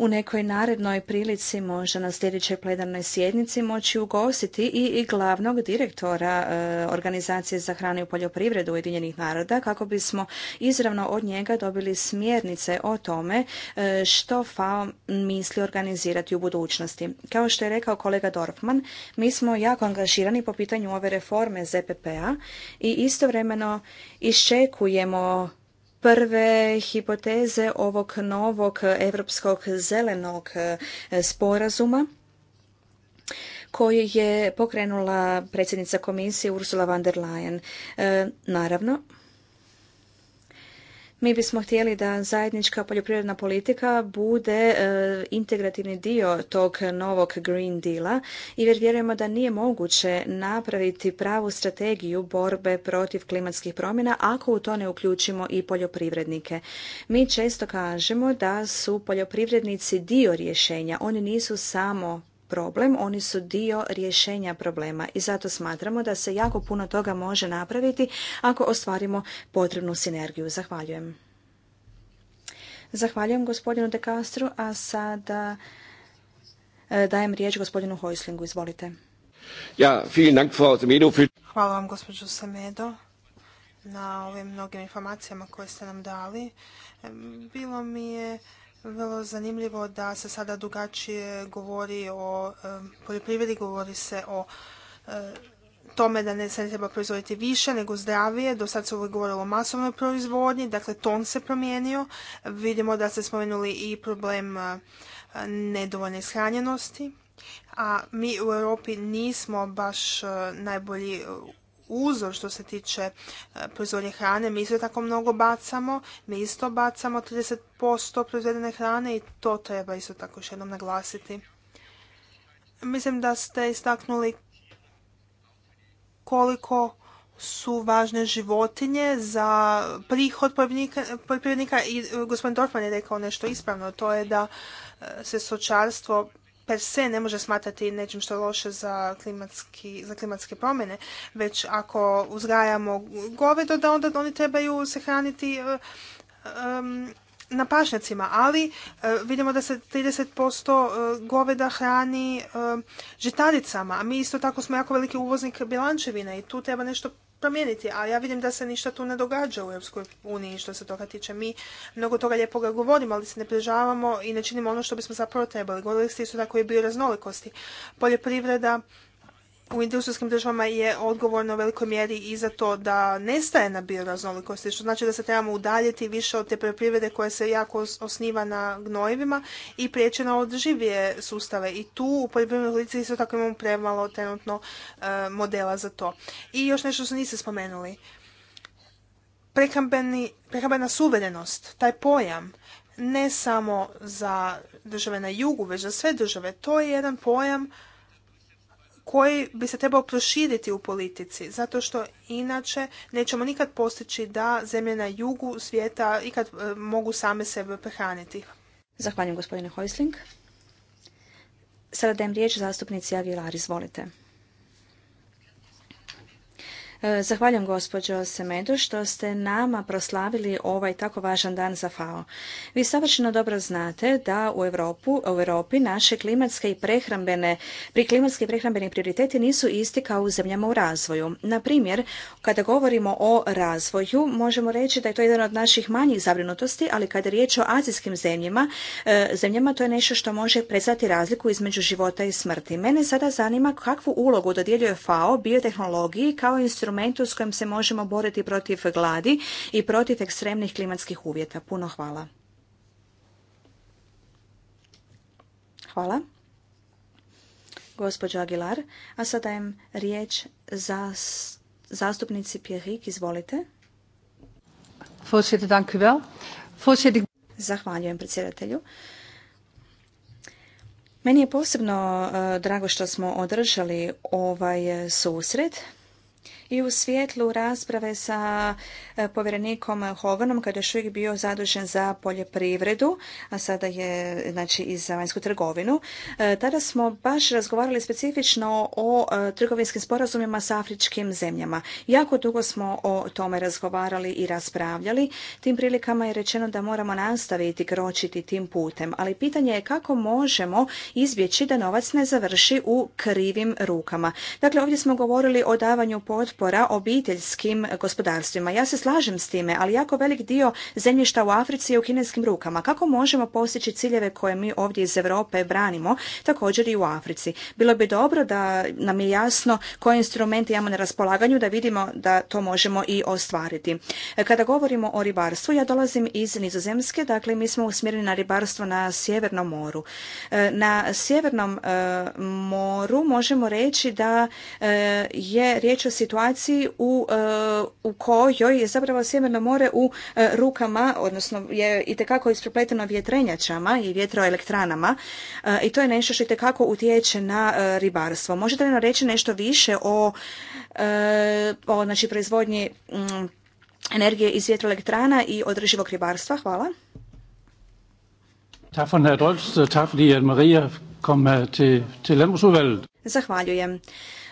u nekoj narednoj prilici možda na sljedećoj plenarnoj sjednici moći ugostiti i glavnog direktora e, Organizacije za hranu i poljoprivredu Ujedinjenih naroda kako bismo izravno od njega dobili smjernice o tome e, što FAO misli organizirati u budućnosti. Kao što je rekao kolega Dorfman, mi smo jako angažirani po pitanju ove reforme ZPP-a i istovremeno iščekujemo prve hipoteze ovog novog europskog zelenog e, sporazuma koji je pokrenula predsjednica komisije Ursula von der Leyen. E, naravno, mi bismo htjeli da zajednička poljoprivredna politika bude e, integrativni dio tog novog Green Deala i vjerujemo da nije moguće napraviti pravu strategiju borbe protiv klimatskih promjena ako u to ne uključimo i poljoprivrednike. Mi često kažemo da su poljoprivrednici dio rješenja, oni nisu samo problem, oni su dio rješenja problema i zato smatramo da se jako puno toga može napraviti ako ostvarimo potrebnu sinergiju. Zahvaljujem. Zahvaljujem gospodinu De Castro, a sada e, dajem riječ gospodinu Hoislingu. Izvolite. Ja, vielen Dank, Frau Hvala vam, gospođo Semedo, na ovim mnogim informacijama koje ste nam dali. Bilo mi je vrlo zanimljivo da se sada drugačije govori o poljoprivredi, govori se o eh, tome da ne se ne treba proizvoditi više nego zdravije. Do sad se uvijek govorilo o masovnoj proizvodnji, dakle ton se promijenio. Vidimo da ste spomenuli i problem eh, nedovoljne ishranjenosti. A mi u Europi nismo baš eh, najbolji uzor što se tiče e, proizvodnje hrane. Mi isto tako mnogo bacamo, mi isto bacamo 30% proizvedene hrane i to treba isto tako još jednom naglasiti. Mislim da ste istaknuli koliko su važne životinje za prihod poljoprivrednika i gospodin Dorfman je rekao nešto ispravno, to je da e, se sočarstvo per se ne može smatrati nečim što je loše za, klimatski, za klimatske promjene, već ako uzgajamo govedo, da onda oni trebaju se hraniti e, na pašnjacima, ali e, vidimo da se 30% e, goveda hrani žitaricama, a mi isto tako smo jako veliki uvoznik bilančevina i tu treba nešto promijeniti, a ja vidim da se ništa tu ne događa u Europskoj uniji što se toga tiče. Mi mnogo toga lijepoga govorimo, ali se ne prižavamo i ne činimo ono što bismo zapravo trebali. Govorili ste isto tako i raznolikosti Poljoprivreda u industrijskim državama je odgovorno u velikoj mjeri i za to da nestaje na bioraznolikosti, što znači da se trebamo udaljiti više od te poljoprivrede koja se jako osniva na gnojivima i prijeći na održivije sustave. I tu u poljoprivrednoj politici isto tako imamo premalo trenutno e, modela za to. I još nešto što niste spomenuli. Prehrambena suverenost, taj pojam, ne samo za države na jugu, već za sve države, to je jedan pojam koji bi se trebao proširiti u politici, zato što inače nećemo nikad postići da zemlje na jugu svijeta ikad e, mogu same sebe prehraniti. Zahvaljujem gospodine Hojsling. Sada dajem riječ zastupnici Aguilar, izvolite. E, zahvaljujem gospođo Semedu što ste nama proslavili ovaj tako važan dan za FAO. Vi savršeno dobro znate da u, Europu, u Europi naše klimatske i prehrambene, pri prehrambeni prioriteti nisu isti kao u zemljama u razvoju. Na primjer, kada govorimo o razvoju, možemo reći da je to jedan od naših manjih zabrinutosti, ali kada je riječ o azijskim zemljama, e, zemljama to je nešto što može predstaviti razliku između života i smrti. Mene sada zanima kakvu ulogu dodjeljuje FAO biotehnologiji kao instrument instrumentu s kojim se možemo boriti protiv gladi i protiv ekstremnih klimatskih uvjeta. Puno hvala. Hvala. Gospođo Aguilar, a sada dajem riječ za zastupnici Pjerik. Izvolite. Zahvaljujem predsjedatelju. Meni je posebno eh, drago što smo održali ovaj eh, susret i u svjetlu rasprave sa e, povjerenikom Hovanom kada je još uvijek bio zadužen za poljoprivredu, a sada je znači i za vanjsku trgovinu, e, tada smo baš razgovarali specifično o e, trgovinskim sporazumima sa afričkim zemljama. Jako dugo smo o tome razgovarali i raspravljali. Tim prilikama je rečeno da moramo nastaviti kročiti tim putem, ali pitanje je kako možemo izbjeći da novac ne završi u krivim rukama. Dakle, ovdje smo govorili o davanju potpore potpora obiteljskim gospodarstvima. Ja se slažem s time, ali jako velik dio zemljišta u Africi je u kineskim rukama. Kako možemo postići ciljeve koje mi ovdje iz Europe branimo, također i u Africi? Bilo bi dobro da nam je jasno koje instrumente imamo na raspolaganju da vidimo da to možemo i ostvariti. E, kada govorimo o ribarstvu, ja dolazim iz Nizozemske, dakle mi smo usmjereni na ribarstvo na Sjevernom moru. E, na Sjevernom e, moru možemo reći da je riječ o situaciji u, e, u kojoj je zapravo Sjeverno more u e, rukama, odnosno je itekako isprepleteno vjetrenjačama i vjetroelektranama e, i to je nešto što itekako utječe na ribarstvo. Možete li nam reći nešto više o, o znači, proizvodnji mm, energije iz vjetroelektrana i održivog ribarstva? Hvala. Øh, Zahvaljujem.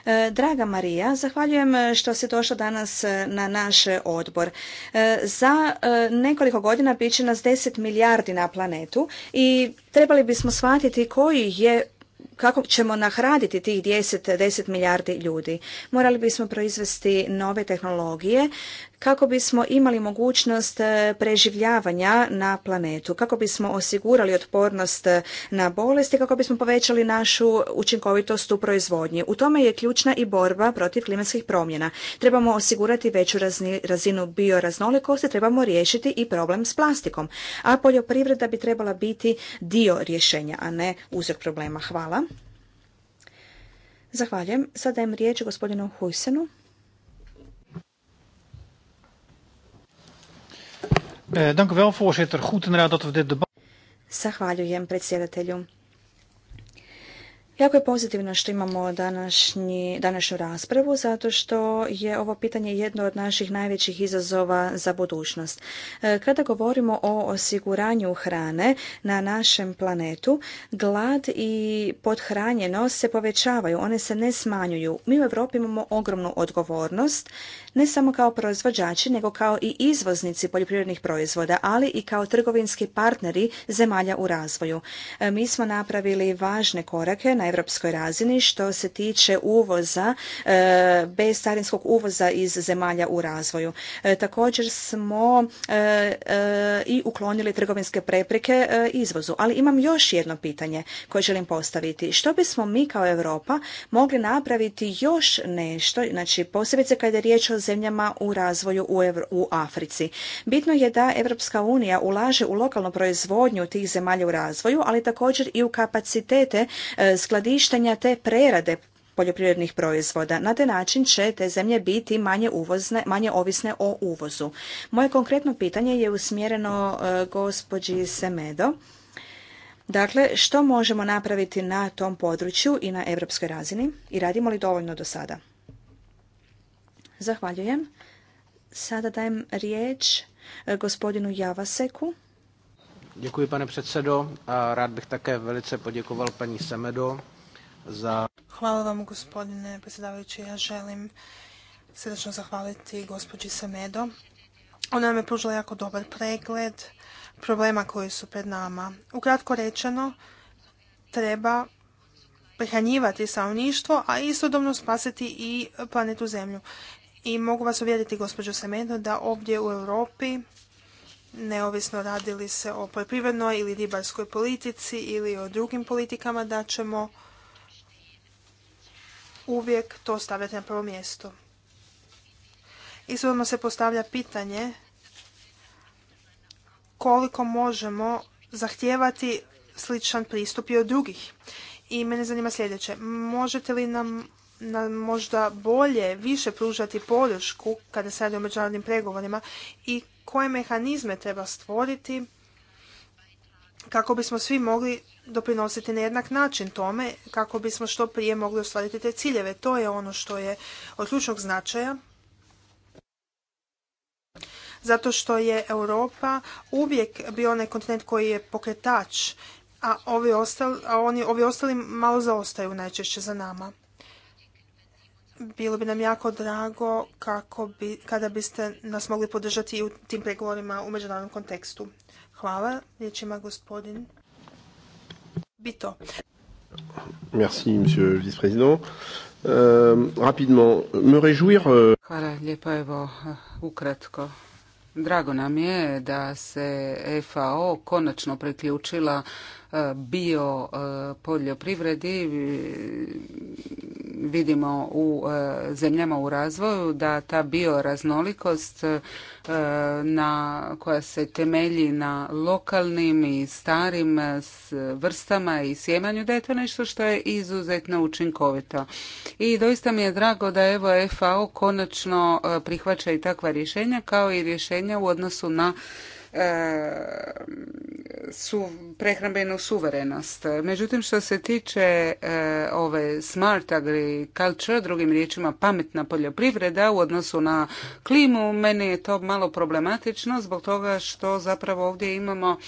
E, draga Marija, zahvaljujem e, što si došla danas e, na naš odbor. Za nekoliko godina bit će nas 10 milijardi na planetu i trebali bismo shvatiti koji je kako ćemo nahraditi tih 10, 10 milijardi ljudi. Morali bismo proizvesti nove tehnologije kako bismo imali mogućnost e, preživljavanja na planetu, kako bismo osigurali otpornost e, na bolesti, kako bismo povećali našu učinkovitost u proizvodnji. U tome je ključna i borba protiv klimatskih promjena. Trebamo osigurati veću razinu bioraznolikosti, trebamo riješiti i problem s plastikom. A poljoprivreda bi trebala biti dio rješenja, a ne uzrok problema. Hvala. Zahvaljujem. Sada dajem riječ gospodinu Huysenu. Eh, dank u wel, voorzitter. Goed inderdaad dat we dit debat... Zahvaljujem predsjedatelju. Jako je pozitivno što imamo današnji, današnju raspravu zato što je ovo pitanje jedno od naših najvećih izazova za budućnost. E, kada govorimo o osiguranju hrane na našem planetu, glad i podhranjenost se povećavaju, one se ne smanjuju. Mi u Europi imamo ogromnu odgovornost ne samo kao proizvođači, nego kao i izvoznici poljoprivrednih proizvoda, ali i kao trgovinski partneri zemalja u razvoju. E, mi smo napravili važne korake na europskoj razini što se tiče uvoza, e, bez carinskog uvoza iz zemalja u razvoju. E, također smo i uklonili trgovinske prepreke izvozu. Ali imam još jedno pitanje koje želim postaviti. Što bismo mi kao Europa mogli napraviti još nešto, znači posebice kada je riječ o zemljama u razvoju u, u Africi. Bitno je da Europska unija ulaže u lokalnu proizvodnju tih zemalja u razvoju, ali također i u kapacitete e, skladištenja te prerade poljoprivrednih proizvoda. Na taj način će te zemlje biti manje uvozne, manje ovisne o uvozu. Moje konkretno pitanje je usmjereno e, gospođi Semedo. Dakle, što možemo napraviti na tom području i na europskoj razini i radimo li dovoljno do sada? Zahvaljujem. Sada dajem riječ e, gospodinu Javaseku. Děkuji, pane předsedo. A rád bych také velice poděkoval paní Semedo za... Hvala vam, gospodine predsjedavajući. Ja želim srdečno zahvaliti gospođi Semedo. Ona nam je pružila jako dobar pregled problema koji su pred nama. Ukratko rečeno, treba prehranjivati stanovništvo, a istodobno spasiti i planetu Zemlju. I mogu vas uvjeriti, gospođo Semeno, da ovdje u Europi, neovisno radili se o poljoprivrednoj ili ribarskoj politici ili o drugim politikama, da ćemo uvijek to stavljati na prvo mjesto. Istodobno se postavlja pitanje koliko možemo zahtijevati sličan pristup i od drugih. I mene zanima sljedeće. Možete li nam na možda bolje, više pružati podršku kada se radi o međunarodnim pregovorima i koje mehanizme treba stvoriti kako bismo svi mogli doprinositi na jednak način tome, kako bismo što prije mogli ostvariti te ciljeve. To je ono što je od ključnog značaja zato što je Europa uvijek bio onaj kontinent koji je pokretač, a ovi ostali, a oni, ovi ostali malo zaostaju najčešće za nama bilo bi nam jako drago kako bi, kada biste nas mogli podržati u tim pregovorima u međunarodnom kontekstu. Hvala. Riječ gospodin Bito. Merci, monsieur le vice-président. Euh, rapidement, me réjouir... Euh, Hvala lijepa, evo, ukratko. Drago nam je da se e FAO konačno priključila e, bio e, poljoprivredi vidimo u e, zemljama u razvoju da ta bioraznolikost e, na, koja se temelji na lokalnim i starim e, vrstama i sjemanju, da je to nešto što je izuzetno učinkovito. I doista mi je drago da evo FAO konačno prihvaća i takva rješenja kao i rješenja u odnosu na su prehrambenu suverenost. Međutim, što se tiče e, ove smart agriculture, drugim riječima pametna poljoprivreda u odnosu na klimu, meni je to malo problematično zbog toga što zapravo ovdje imamo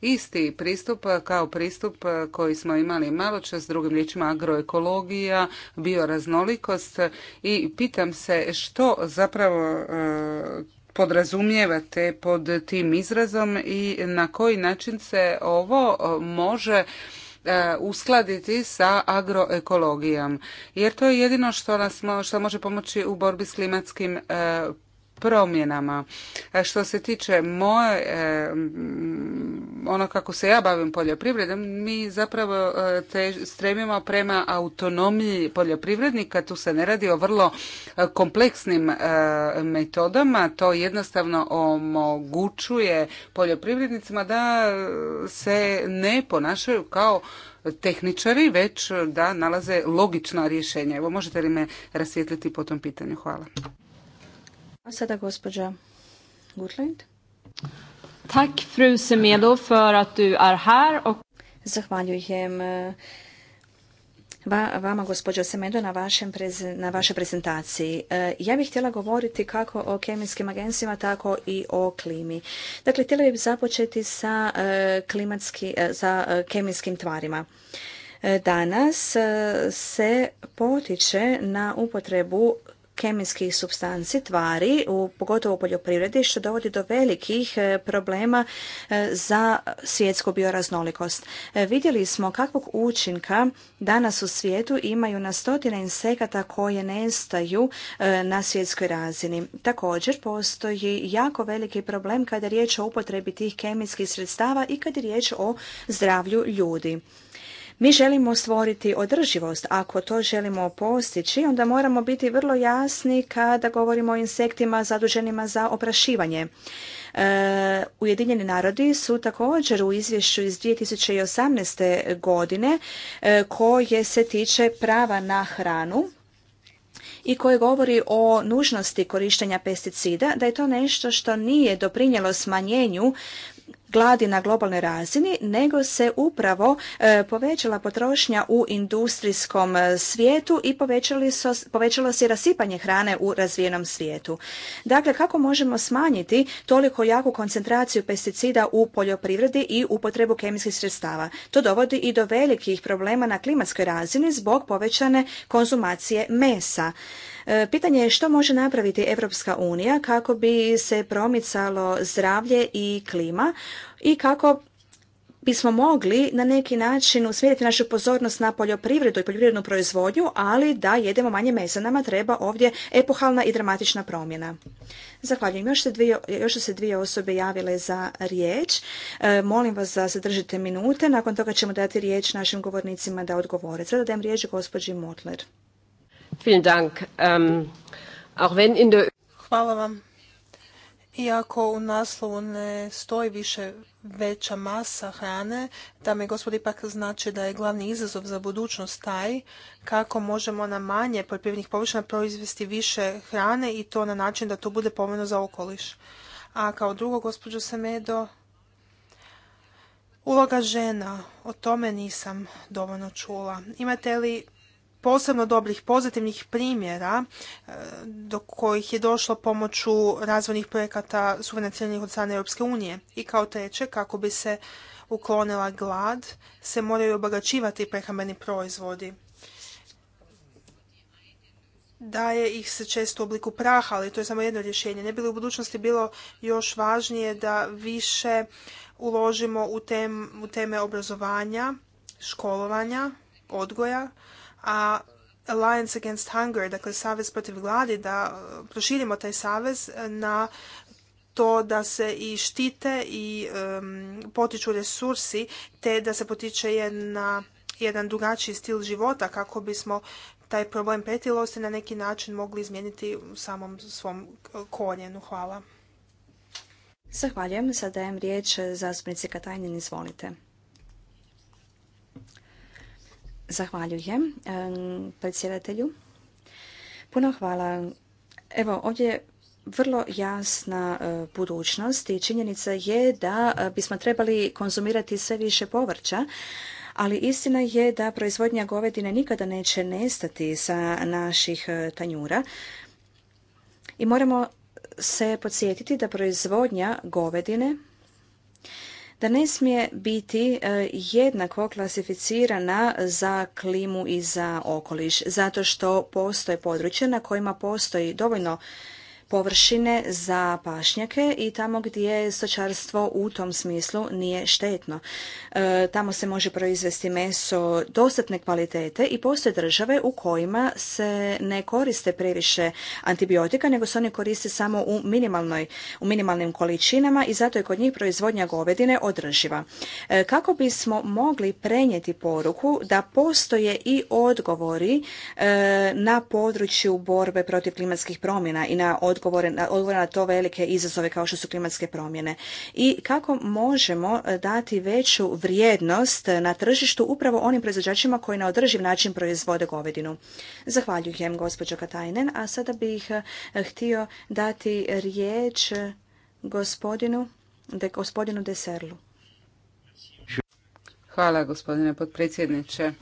isti pristup kao pristup koji smo imali malo čas, drugim riječima agroekologija, bioraznolikost i pitam se što zapravo e, podrazumijevate pod tim izrazom i na koji način se ovo može e, uskladiti sa agroekologijom jer to je jedino što nas što može pomoći u borbi s klimatskim e, promjenama. E, što se tiče moje, e, ono kako se ja bavim poljoprivredom, mi zapravo e, stremimo prema autonomiji poljoprivrednika. Tu se ne radi o vrlo kompleksnim metodama. To jednostavno omogućuje poljoprivrednicima da se ne ponašaju kao tehničari, već da nalaze logična rješenja. Evo, možete li me rasvijetliti po tom pitanju? Hvala sada gospođa Gutland. Tak fru Semedo för att du är här. Zahvaljujem eh, vama gospođo Semedo na, na vašoj prezentaciji. Eh, ja bih htjela govoriti kako o kemijskim agencijama, tako i o klimi. Dakle, htjela bih započeti sa, eh, klimatski, sa kemijskim tvarima. Danas se potiče na upotrebu kemijskih substanci, tvari, u, pogotovo u poljoprivredi, što dovodi do velikih e, problema e, za svjetsku bioraznolikost. E, vidjeli smo kakvog učinka danas u svijetu imaju na stotine insekata koje nestaju na svjetskoj razini. Također postoji jako veliki problem kada je riječ o upotrebi tih kemijskih sredstava i kada je riječ o zdravlju ljudi. Mi želimo stvoriti održivost. Ako to želimo postići, onda moramo biti vrlo jasni kada govorimo o insektima zaduženima za oprašivanje. E, Ujedinjeni narodi su također u izvješću iz 2018. godine e, koje se tiče prava na hranu i koje govori o nužnosti korištenja pesticida, da je to nešto što nije doprinjelo smanjenju gladi na globalnoj razini, nego se upravo e, povećala potrošnja u industrijskom e, svijetu i povećalo se rasipanje hrane u razvijenom svijetu. Dakle, kako možemo smanjiti toliko jaku koncentraciju pesticida u poljoprivredi i upotrebu kemijskih sredstava? To dovodi i do velikih problema na klimatskoj razini zbog povećane konzumacije mesa. E, pitanje je što može napraviti Europska unija kako bi se promicalo zdravlje i klima i kako bismo mogli na neki način usmjeriti našu pozornost na poljoprivredu i poljoprivrednu proizvodnju, ali da jedemo manje mesa. Nama treba ovdje epohalna i dramatična promjena. Zahvaljujem. Još se dvije, još se dvije osobe javile za riječ. E, molim vas da zadržite minute. Nakon toga ćemo dati riječ našim govornicima da odgovore. Sada dajem riječ gospođi Motler. Ähm, Hvala vam. Iako u naslovu ne stoji više veća masa hrane, da me gospodi ipak znači da je glavni izazov za budućnost taj kako možemo na manje poljoprivrednih površina proizvesti više hrane i to na način da to bude pomeno za okoliš. A kao drugo, gospođo Semedo, uloga žena, o tome nisam dovoljno čula. Imate li posebno dobrih pozitivnih primjera e, do kojih je došlo pomoću razvojnih projekata sufinanciranih od strane Europske unije. I kao treće, kako bi se uklonila glad, se moraju obogaćivati prehrambeni proizvodi. Daje ih se često u obliku praha, ali to je samo jedno rješenje. Ne bi li u budućnosti bilo još važnije da više uložimo u, u teme obrazovanja, školovanja, odgoja, a Alliance Against Hunger, dakle Savez protiv gladi, da e, proširimo taj savez e, na to da se i štite i potiču resursi, te da se potiče na jedan drugačiji stil života kako bismo taj problem petilosti na neki način mogli izmijeniti u samom svom korijenu. Hvala. Zahvaljujem. sada dajem riječ zastupnici Katajnin. Izvolite. Zahvaljujem predsjedatelju. Puno hvala. Evo, ovdje vrlo jasna e, budućnost i činjenica je da e, bismo trebali konzumirati sve više povrća, ali istina je da proizvodnja govedine nikada neće nestati sa naših e, tanjura. I moramo se podsjetiti da proizvodnja govedine da ne smije biti e, jednako klasificirana za klimu i za okoliš, zato što postoje područja na kojima postoji dovoljno površine za pašnjake i tamo gdje stočarstvo u tom smislu nije štetno. E, tamo se može proizvesti meso dostatne kvalitete i postoje države u kojima se ne koriste previše antibiotika, nego se oni koriste samo u, minimalnoj, u minimalnim količinama i zato je kod njih proizvodnja govedine održiva. E, kako bismo mogli prenijeti poruku da postoje i odgovori e, na području borbe protiv klimatskih promjena i na odgovor odgovore na to velike izazove kao što su klimatske promjene. I kako možemo e, dati veću vrijednost e, na tržištu upravo onim proizvođačima koji na održiv način proizvode govedinu. Zahvaljujem gospođo Katajnen, a sada bih e, htio dati riječ gospodinu, de, gospodinu Deserlu. Hvala gospodine potpredsjedniče.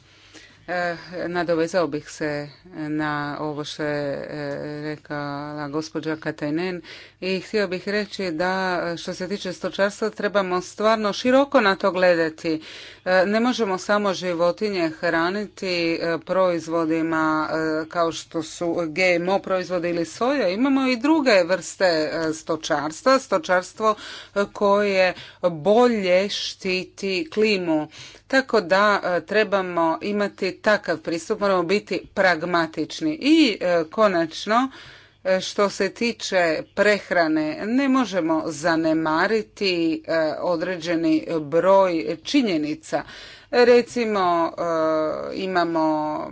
Eh, nadovezao bih se na ovo što je eh, rekla gospođa Katajnen i htio bih reći da eh, što se tiče stočarstva trebamo stvarno široko na to gledati. Ne možemo samo životinje hraniti proizvodima kao što su GMO proizvodi ili soja. Imamo i druge vrste stočarstva, stočarstvo koje bolje štiti klimu. Tako da e, trebamo imati takav pristup, moramo biti pragmatični. I e, konačno, e, što se tiče prehrane, ne možemo zanemariti određeni broj činjenica. Recimo e, imamo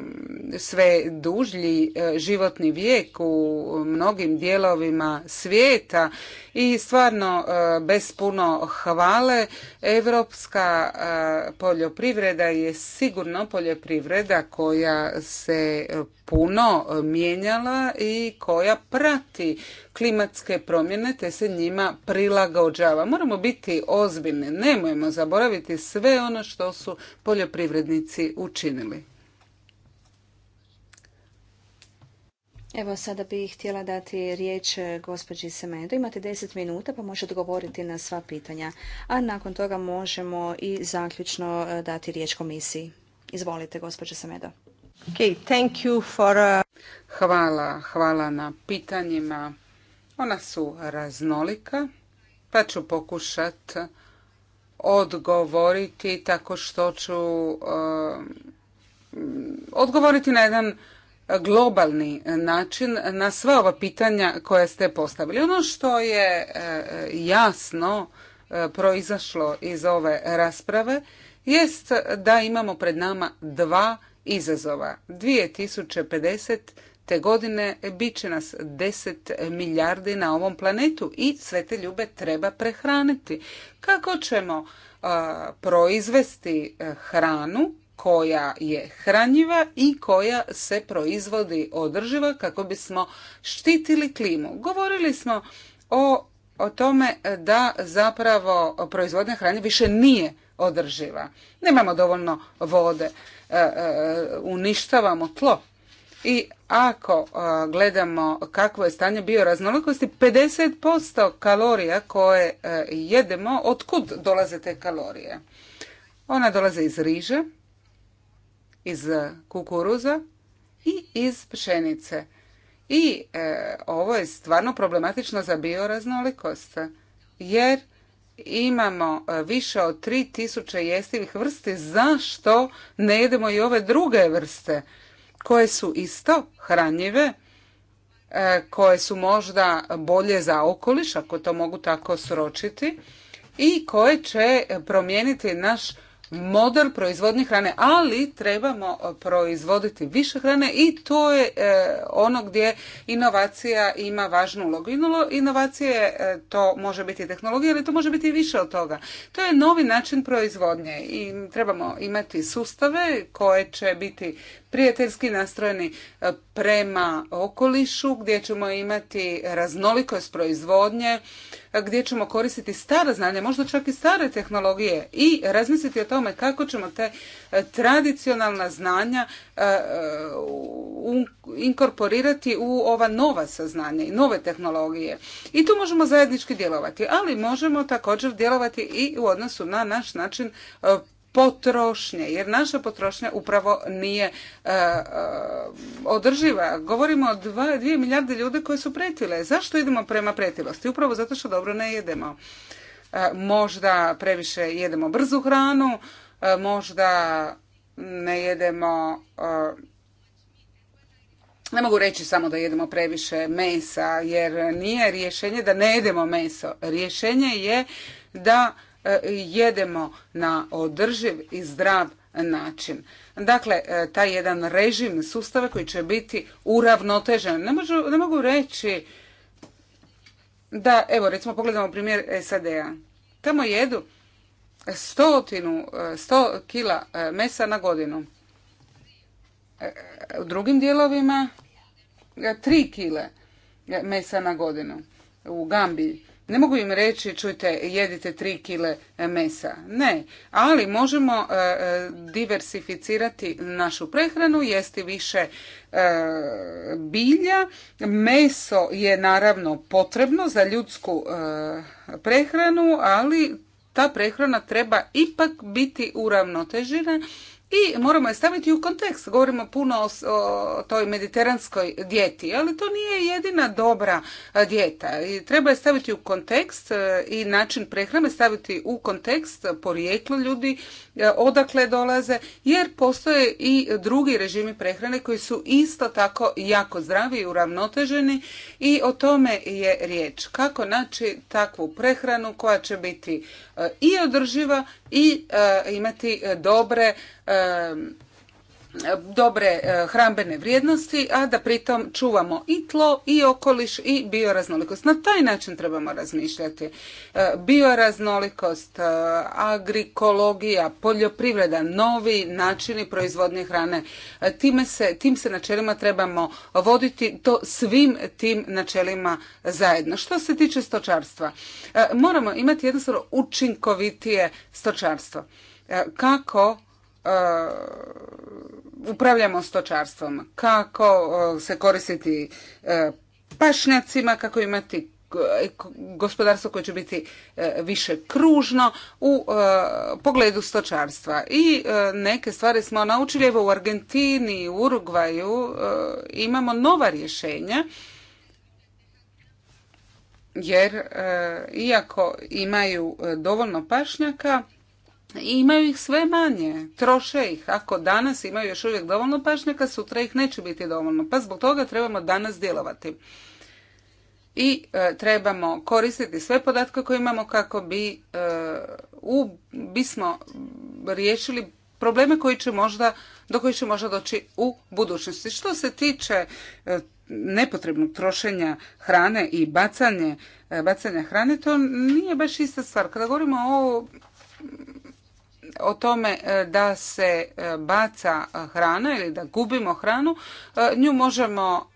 sve dužlji e, životni vijek u mnogim dijelovima svijeta i stvarno e, bez puno hvale europska poljoprivreda je sigurno poljoprivreda koja se puno mijenjala i koja prati klimatske promjene te se njima prilagođava. Moramo biti ozbiljni, nemojmo zaboraviti sve ono što su poljoprivrednici učinili. Evo sada bih htjela dati riječ e, gospođi Semedo. Imate 10 minuta pa možete odgovoriti na sva pitanja, a nakon toga možemo i zaključno e, dati riječ komisiji. Izvolite gospođa Semedo. Uh, hvala, hvala na pitanjima ona su raznolika, pa ću pokušat odgovoriti tako što ću eh, odgovoriti na jedan globalni način na sva ova pitanja koja ste postavili. Ono što je eh, jasno eh, proizašlo iz ove rasprave jest da imamo pred nama dva izazova. 2050 te godine bit će nas 10 milijardi na ovom planetu i sve te ljube treba prehraniti. Kako ćemo proizvesti e, hranu koja je hranjiva i koja se proizvodi održiva kako bismo štitili klimu. Govorili smo o, o tome da zapravo proizvodnja hrane više nije održiva. Nemamo dovoljno vode, e, e, uništavamo tlo i ako uh, gledamo kakvo je stanje bioraznolikosti, 50% kalorija koje uh, jedemo, otkud dolaze te kalorije? Ona dolaze iz riže, iz kukuruza i iz pšenice. I uh, ovo je stvarno problematično za bioraznolikost, jer imamo više od 3000 jestivih vrsti, zašto ne jedemo i ove druge vrste? koje su isto hranjive, e, koje su možda bolje za okoliš, ako to mogu tako sročiti, i koje će promijeniti naš model proizvodnje hrane, ali trebamo proizvoditi više hrane i to je e, ono gdje inovacija ima važnu ulogu. Inovacije e, to može biti tehnologija, ali to može biti i više od toga. To je novi način proizvodnje i trebamo imati sustave koje će biti prijateljski nastrojeni e, prema okolišu gdje ćemo imati raznolikost proizvodnje, e, gdje ćemo koristiti stara znanja, možda čak i stare tehnologije i razmisliti o tome kako ćemo te e, tradicionalna znanja inkorporirati u ova nova saznanja i nove tehnologije. I tu možemo zajednički djelovati, ali možemo također djelovati i u odnosu na naš način potrošnje, jer naša potrošnja upravo nije e, e, održiva. Govorimo o dva, dvije milijarde ljude koje su pretile. Zašto idemo prema pretilosti? Upravo zato što dobro ne jedemo. E, možda previše jedemo brzu hranu, možda ne jedemo ne mogu reći samo da jedemo previše mesa, jer nije rješenje da ne jedemo meso. Rješenje je da E, jedemo na održiv i zdrav način. Dakle, e, taj jedan režim sustava koji će biti uravnotežen. Ne, mogu reći da, evo, recimo pogledamo primjer SAD-a. Tamo jedu stotinu, e, sto kila mesa na godinu. U drugim dijelovima tri kile mesa na godinu u Gambiji. Ne mogu im reći, čujte, jedite tri kile mesa. Ne, ali možemo e, e, diversificirati našu prehranu, jesti više e, bilja. Meso je naravno potrebno za ljudsku prehranu, ali ta prehrana treba ipak biti uravnotežena i moramo je staviti u kontekst. Govorimo puno o, toj mediteranskoj dijeti, ali to nije jedina dobra e, dijeta. I treba je staviti u kontekst e, i način prehrane staviti u kontekst porijeklo ljudi, e, odakle dolaze, jer postoje i drugi režimi prehrane koji su isto tako jako zdravi i uravnoteženi i o tome je riječ. Kako naći takvu prehranu koja će biti i održiva i imati dobre dobre eh, hrambene vrijednosti, a da pritom čuvamo i tlo, i okoliš, i bioraznolikost. Na taj način trebamo razmišljati. Eh, bioraznolikost, eh, agrikologija, poljoprivreda, novi načini proizvodnje hrane. se, tim se načelima trebamo voditi to svim tim načelima zajedno. Što se tiče stočarstva, moramo imati jednostavno učinkovitije stočarstvo. Kako Uh, upravljamo stočarstvom, kako uh, se koristiti uh, pašnjacima, kako imati gospodarstvo koje će biti više kružno u pogledu stočarstva. I neke stvari smo naučili, evo u Argentini, u Urugvaju imamo nova rješenja, jer iako imaju dovoljno pašnjaka, i imaju ih sve manje, troše ih. Ako danas imaju još uvijek dovoljno pašnjaka, sutra ih neće biti dovoljno. Pa zbog toga trebamo danas djelovati. I e, trebamo koristiti sve podatke koje imamo kako bi e, u, bismo riješili probleme koji će možda, do kojih će možda doći u budućnosti. Što se tiče e, nepotrebnog trošenja hrane i bacanje, bacanja hrane, to nije baš ista stvar. Kada govorimo o o tome e, da se e, baca hrana ili da gubimo hranu, e, nju možemo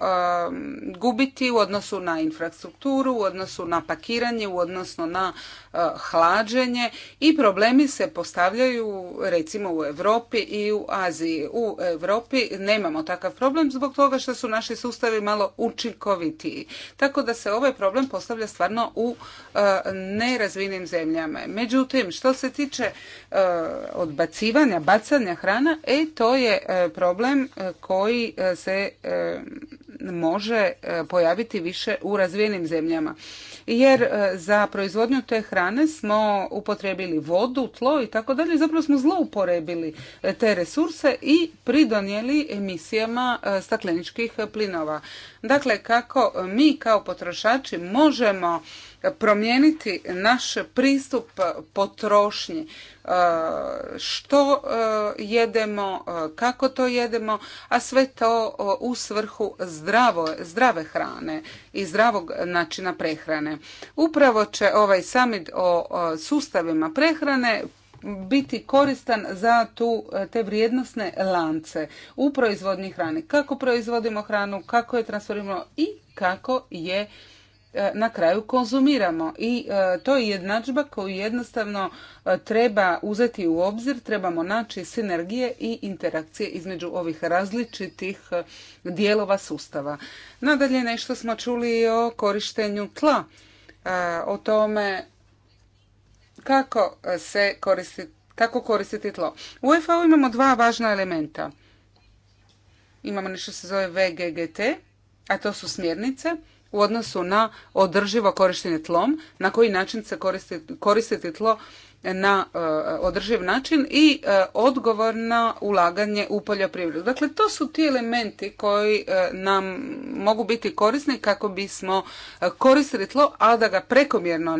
gubiti u odnosu na infrastrukturu, u odnosu na pakiranje, u odnosu na E, hlađenje i problemi se postavljaju recimo u Europi i u Aziji. U Europi nemamo takav problem zbog toga što su naši sustavi malo učinkovitiji. Tako da se ovaj problem postavlja stvarno u e, nerazvinim zemljama. Međutim, što se tiče e, odbacivanja, bacanja hrana, e to je problem koji se može e, pojaviti više u razvijenim zemljama. Jer e, za proizvodnju te hrane smo upotrijebili vodu, tlo i tako dalje. Zapravo smo zlouporebili e, te resurse i pridonijeli emisijama stakleničkih plinova. Dakle, kako mi kao potrošači možemo promijeniti naš pristup potrošnji. E, što e, jedemo, e, kako to jedemo, a sve to u svrhu zdravo, zdrave hrane i zdravog načina prehrane. Upravo će ovaj samit o sustavima prehrane biti koristan za tu, te vrijednosne lance u proizvodnji hrani. Kako proizvodimo hranu, kako je transformiramo i kako je E, na kraju konzumiramo. I e, to je jednadžba koju jednostavno e, treba uzeti u obzir, trebamo naći sinergije i interakcije između ovih različitih dijelova sustava. Nadalje nešto smo čuli o korištenju tla, o tome kako se koristiti kako koristiti tlo. U UEFA imamo dva važna elementa. Imamo nešto se zove VGGT, a to su smjernice u odnosu na održivo korištenje tlom, na koji način se koristiti, tlo na eh, održiv način i eh, odgovor na ulaganje u poljoprivredu. Dakle, to su ti elementi koji eh, nam mogu biti korisni kako bismo koristili tlo, a da ga prekomjerno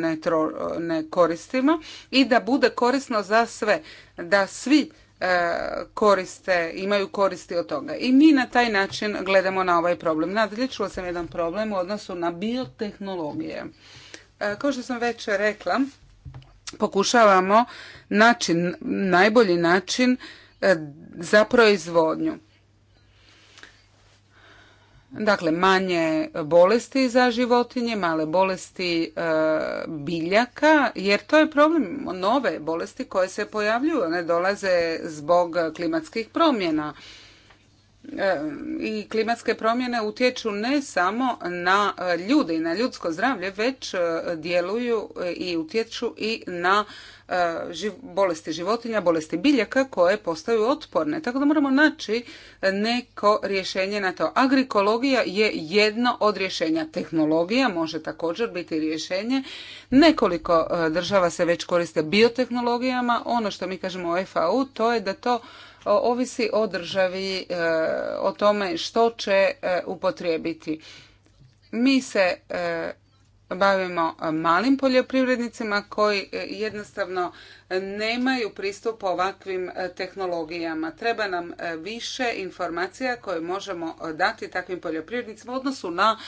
ne koristimo i da bude korisno za sve, da svi E, koriste, imaju koristi od toga. I mi na taj način gledamo na ovaj problem. Nadalje čula sam jedan problem u odnosu na biotehnologije. E, kao što sam već rekla, pokušavamo način, najbolji način e, za proizvodnju. Dakle, manje bolesti za životinje, male bolesti e, biljaka, jer to je problem nove bolesti koje se pojavljuju. One dolaze zbog klimatskih promjena. E, i klimatske promjene utječu ne samo na ljude i na ljudsko zdravlje, već e, djeluju i utječu i na e, bolesti životinja, bolesti biljaka koje postaju otporne. Tako da moramo naći neko rješenje na to. Agrikologija je jedno od rješenja. Tehnologija može također biti rješenje. Nekoliko država se već koriste biotehnologijama. Ono što mi kažemo u FAU to je da to ovisi o državi, e, o tome što će e, upotrijebiti. Mi se e, bavimo e, malim poljoprivrednicima koji e, jednostavno e, nemaju pristup ovakvim tehnologijama. Treba nam više informacija koje možemo dati takvim poljoprivrednicima u odnosu na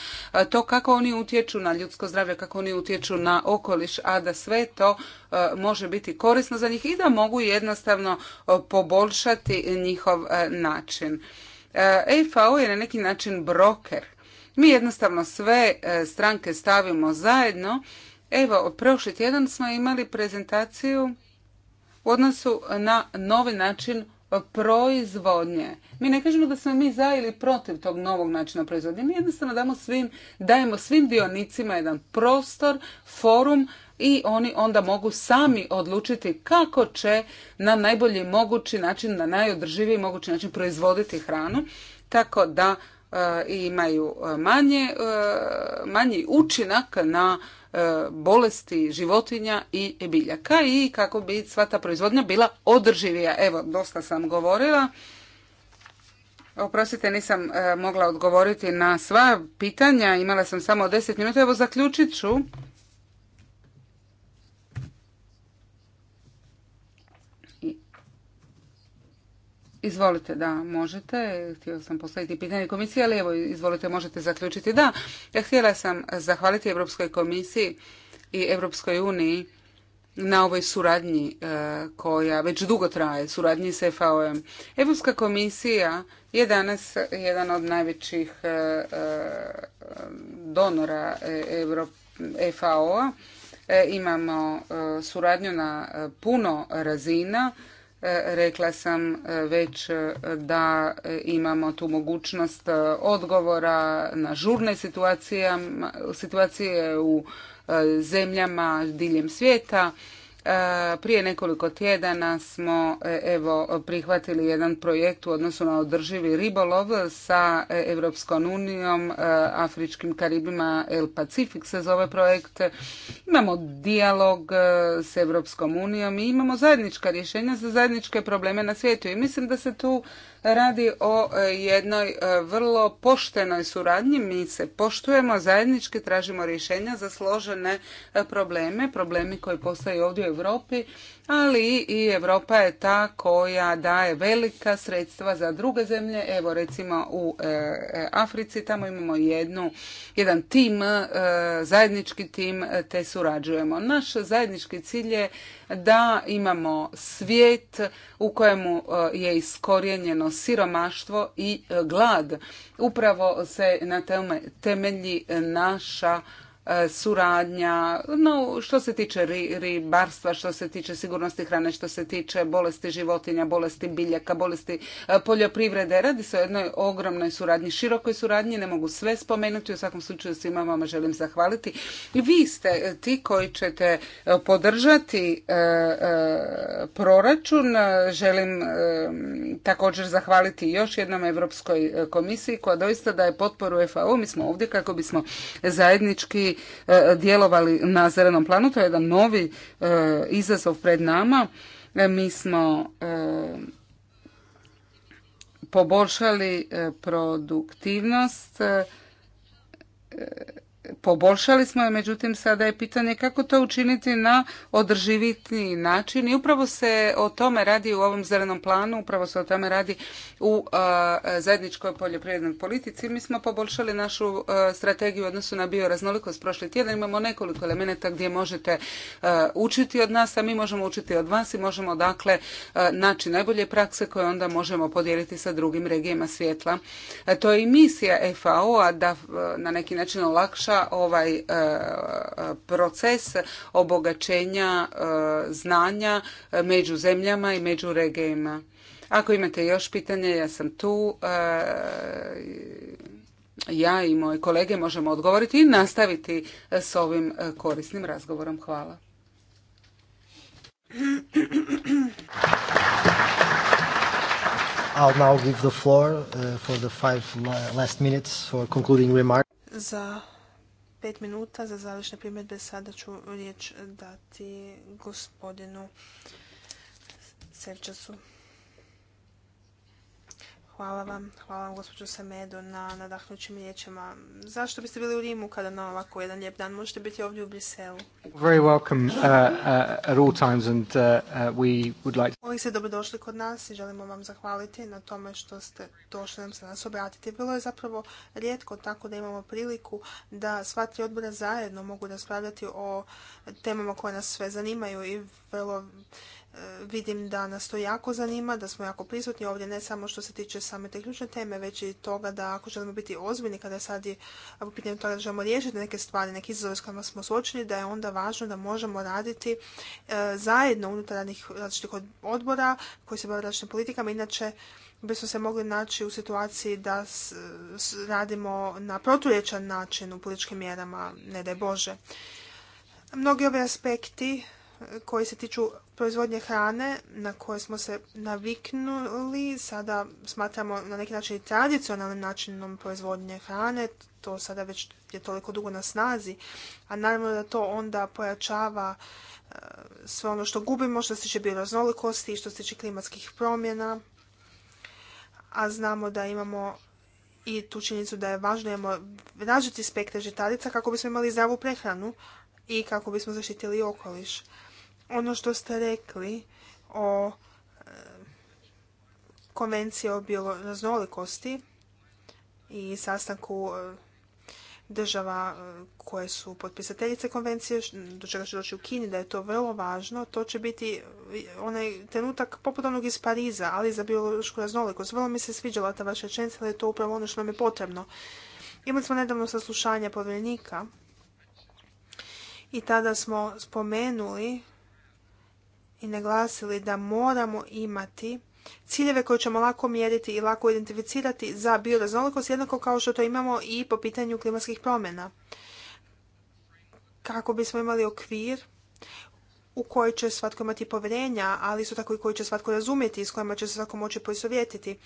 to kako oni utječu na ljudsko zdravlje, kako oni utječu na okoliš, a da sve to može biti korisno za njih i da mogu jednostavno poboljšati njihov način. EFAO je na neki način broker mi jednostavno sve e, stranke stavimo zajedno. Evo, prošli tjedan smo imali prezentaciju u odnosu na novi način proizvodnje. Mi ne kažemo da smo mi za ili protiv tog novog načina proizvodnje. Mi jednostavno damo svim, dajemo svim dionicima jedan prostor, forum i oni onda mogu sami odlučiti kako će na najbolji mogući način, na najodrživiji mogući način proizvoditi hranu. Tako da E, i imaju e, manje, e, manji učinak na bolesti životinja i biljaka i kako bi sva ta proizvodnja bila održivija. Evo, dosta sam govorila. Oprostite, nisam mogla odgovoriti na sva pitanja, imala sam samo 10 minuta. Evo, zaključit ću Izvolite, da, možete. Htio sam postaviti pitanje komisije, ali evo, izvolite, možete zaključiti. Da, ja htjela sam zahvaliti Europskoj komisiji i Europskoj uniji na ovoj suradnji e, koja već dugo traje, suradnji s FAO-em. Europska komisija je danas jedan od najvećih e, e, donora FAO-a. Imamo suradnju na puno razina E, rekla sam e, već e, da imamo tu mogućnost odgovora na žurne situacije u zemljama diljem svijeta E, prije nekoliko tjedana smo e, evo prihvatili jedan projekt u odnosu na održivi ribolov sa Europskom unijom, e, Afričkim Karibima, El Pacific se zove projekt. Imamo dijalog s Europskom unijom i imamo zajednička rješenja za zajedničke probleme na svijetu i mislim da se tu radi o e, jednoj e, vrlo poštenoj suradnji. Mi se poštujemo, zajednički tražimo rješenja za složene e, probleme, problemi koji postoje ovdje u Europi ali i Europa je ta koja daje velika sredstva za druge zemlje. Evo recimo u e, e, Africi tamo imamo jednu, jedan tim, e, zajednički tim te surađujemo. Naš zajednički cilj je da imamo svijet u kojemu je iskorjenjeno siromaštvo i glad. Upravo se na tome temelji naša E, suradnja, no što se tiče ribarstva, što se tiče sigurnosti hrane, što se tiče bolesti životinja, bolesti biljaka, bolesti e, poljoprivrede. Radi se o jednoj ogromnoj suradnji, širokoj suradnji, ne mogu sve spomenuti, u svakom slučaju svima vama želim zahvaliti. Vi ste e, ti koji ćete podržati proračun, želim također zahvaliti još jednom Europskoj e, komisiji koja doista daje potporu FAO. Mi smo ovdje kako bismo zajednički e, djelovali na zelenom planu. To je jedan novi e, izazov pred nama. Mi smo poboljšali produktivnost poboljšali smo je, međutim sada je pitanje kako to učiniti na održivitni način i upravo se o tome radi u ovom zelenom planu, upravo se o tome radi u uh, zajedničkoj poljoprivrednoj politici. Mi smo poboljšali našu uh, strategiju u odnosu na bioraznolikost prošli tjedan. Imamo nekoliko elemenata gdje možete uh, učiti od nas, a mi možemo učiti od vas i možemo dakle naći najbolje prakse koje onda možemo podijeliti sa drugim regijama svijetla. E, to je i misija FAO-a da na neki način olakša ovaj e, proces obogaćenja e, znanja e, među zemljama i među regijama. Ako imate još pitanja, ja sam tu. Ja i moje kolege možemo odgovoriti i nastaviti s ovim korisnim razgovorom. Hvala. I'll now give the floor for the five last minutes for concluding remarks pet minuta za završne primjedbe. Sada ću riječ dati gospodinu Serčasu. Hvala vam, hvala vam gospođo Samedo na nadahnućim riječima. Zašto biste bili u Rimu kada na ovako jedan lijep dan možete biti ovdje u Briselu? Very welcome uh, uh, at all times and ste uh, dobrodošli kod nas i želimo vam zahvaliti na tome što ste došli nam se nas obratiti. Bilo je zapravo rijetko tako da imamo priliku da sva tri odbora zajedno mogu raspravljati o temama koje nas sve zanimaju i vrlo vidim da nas to jako zanima, da smo jako prisutni ovdje, ne samo što se tiče same te ključne teme, već i toga da ako želimo biti ozbiljni kada sad je pitanje pitanju toga da želimo riješiti neke stvari, neke izazove s kojima smo suočeni, da je onda važno da možemo raditi e, zajedno unutar radnih različitih odbora koji se bave različitim politikama, inače bismo se mogli naći u situaciji da radimo na proturječan način u političkim mjerama, ne daj Bože. Mnogi ovi aspekti koji se tiču proizvodnje hrane na koje smo se naviknuli, sada smatramo na neki način i tradicionalnim načinom proizvodnje hrane, to sada već je toliko dugo na snazi, a naravno da to onda pojačava e, sve ono što gubimo što se tiče bioraznolikosti i što se tiče klimatskih promjena, a znamo da imamo i tu činjenicu da je važno imamo različiti spektar žitarica kako bismo imali zdravu prehranu i kako bismo zaštitili okoliš ono što ste rekli o e, konvenciji o bioraznolikosti i sastanku e, država e, koje su potpisateljice konvencije, do čega će doći u Kini, da je to vrlo važno. To će biti onaj trenutak poput onog iz Pariza, ali za biološku raznolikost. Vrlo mi se sviđala ta vaša rečenica, ali je to upravo ono što nam je potrebno. Imali smo nedavno saslušanje povjerenika i tada smo spomenuli i naglasili da moramo imati ciljeve koje ćemo lako mjeriti i lako identificirati za bioraznolikost, jednako kao što to imamo i po pitanju klimatskih promjena. Kako bismo imali okvir u koji će svatko imati povjerenja, ali isto tako i koji će svatko razumjeti i s kojima će se svatko moći poistovjetiti.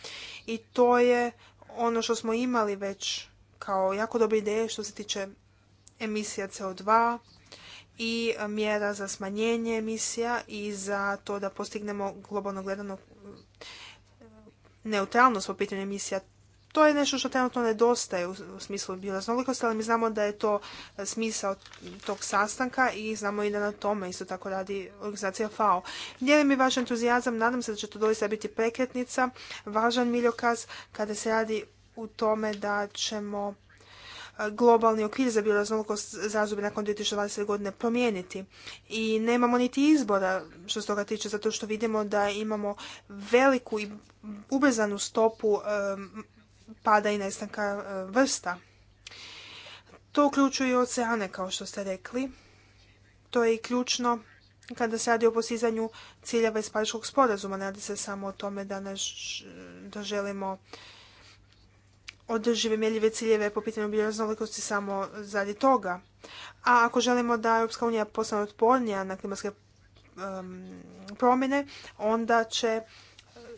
I to je ono što smo imali već kao jako dobre ideje što se tiče emisija CO2, i e, mjera za smanjenje emisija i za to da postignemo globalno gledano e, neutralnost po pitanju emisija. To je nešto što trenutno nedostaje u smislu bioraznolikosti, ali mi znamo da je to e, smisao tog sastanka i znamo i da na tome isto tako radi organizacija FAO. Dijelim mi vaš entuzijazam, nadam se da će to doista biti prekretnica, važan miljokaz kada se radi u tome da ćemo globalni okvir za bioraznolikost razdoblje nakon 2020. godine promijeniti. I nemamo niti izbora što se toga tiče, zato što vidimo da imamo veliku i ubrzanu stopu pada i nestanka vrsta. To uključuje i oceane, kao što ste rekli. To je i ključno kada se radi o postizanju ciljeva iz Pariškog sporazuma. Radi se samo o tome da, da želimo održive mjeljive ciljeve po pitanju bioraznolikosti samo radi toga. A ako želimo da Europska unija postane otpornija na klimatske promjene, onda će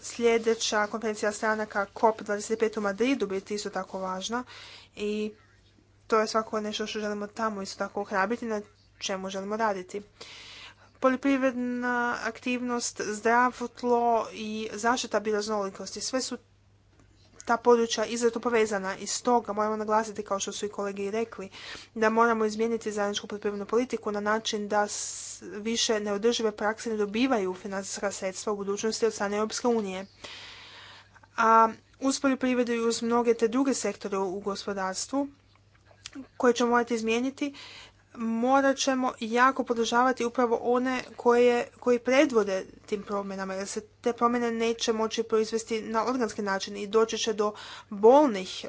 sljedeća konferencija stranaka COP25 u Madridu biti isto tako važna i to je svako nešto što želimo tamo isto tako ohrabriti, na čemu želimo raditi. Poljoprivredna aktivnost, zdravo tlo i zaštita bioraznolikosti, sve su ta područja izvjetno povezana i stoga moramo naglasiti, kao što su i kolege i rekli, da moramo izmijeniti zajedničku poljoprivrednu politiku na način da više neodržive prakse ne dobivaju financijska sredstva u budućnosti od strane Europske unije. A uz poljoprivredu i uz mnoge te druge sektore u gospodarstvu koje ćemo morati izmijeniti, morat ćemo jako podržavati upravo one koje, koji predvode tim promjenama, jer se te promjene neće moći proizvesti na organski način i doći će do bolnih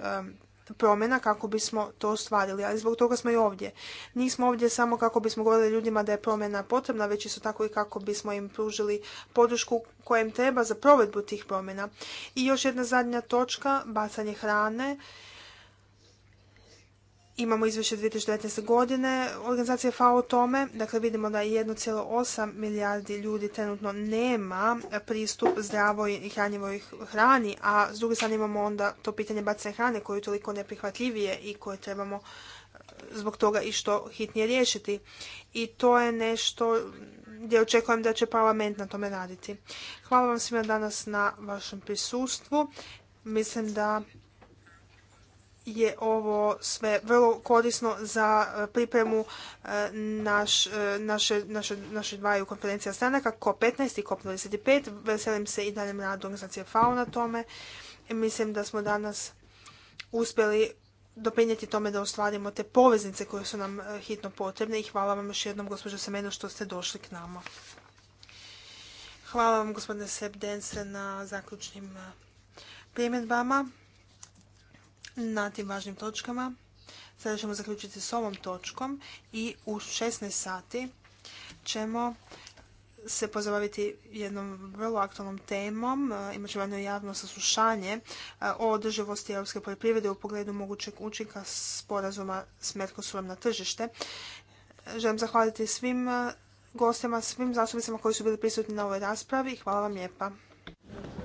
promjena kako bismo to ostvarili, ali zbog toga smo i ovdje. Nismo ovdje samo kako bismo govorili ljudima da je promjena potrebna, već isto tako i kako bismo im pružili podršku koja im treba za provedbu tih promjena. I još jedna zadnja točka, bacanje hrane Imamo izvješće 2019. godine organizacije FAO o tome. Dakle, vidimo da 1,8 milijardi ljudi trenutno nema pristup zdravoj i hranjivoj hrani, a s druge strane imamo onda to pitanje bacne hrane koje je toliko neprihvatljivije i koje trebamo e, zbog toga i što hitnije riješiti. I to je nešto gdje očekujem da će parlament na tome raditi. Hvala vam svima danas na vašem prisustvu. Mislim da je ovo sve vrlo korisno za e, pripremu e, naš, e, naše, dvaju konferencija stranaka, COP15 i COP25. Veselim se i daljem radu organizacije FAO na tome. mislim da smo danas uspjeli doprinijeti tome da ostvarimo te poveznice koje su nam hitno potrebne i hvala vam još jednom, gospođo Semeno, što ste došli k nama. Hvala vam, gospodine Sebdense, na zaključnim primjedbama na tim važnim točkama. Sada ćemo zaključiti s ovom točkom i u 16 sati ćemo se pozabaviti jednom vrlo aktualnom temom. E, imat ćemo jedno javno saslušanje e, o održivosti europske poljoprivrede u pogledu mogućeg učinka sporazuma s Merkosurom na tržište. E, želim zahvaliti svim gostima, svim zastupnicima koji su bili prisutni na ovoj raspravi. Hvala vam lijepa.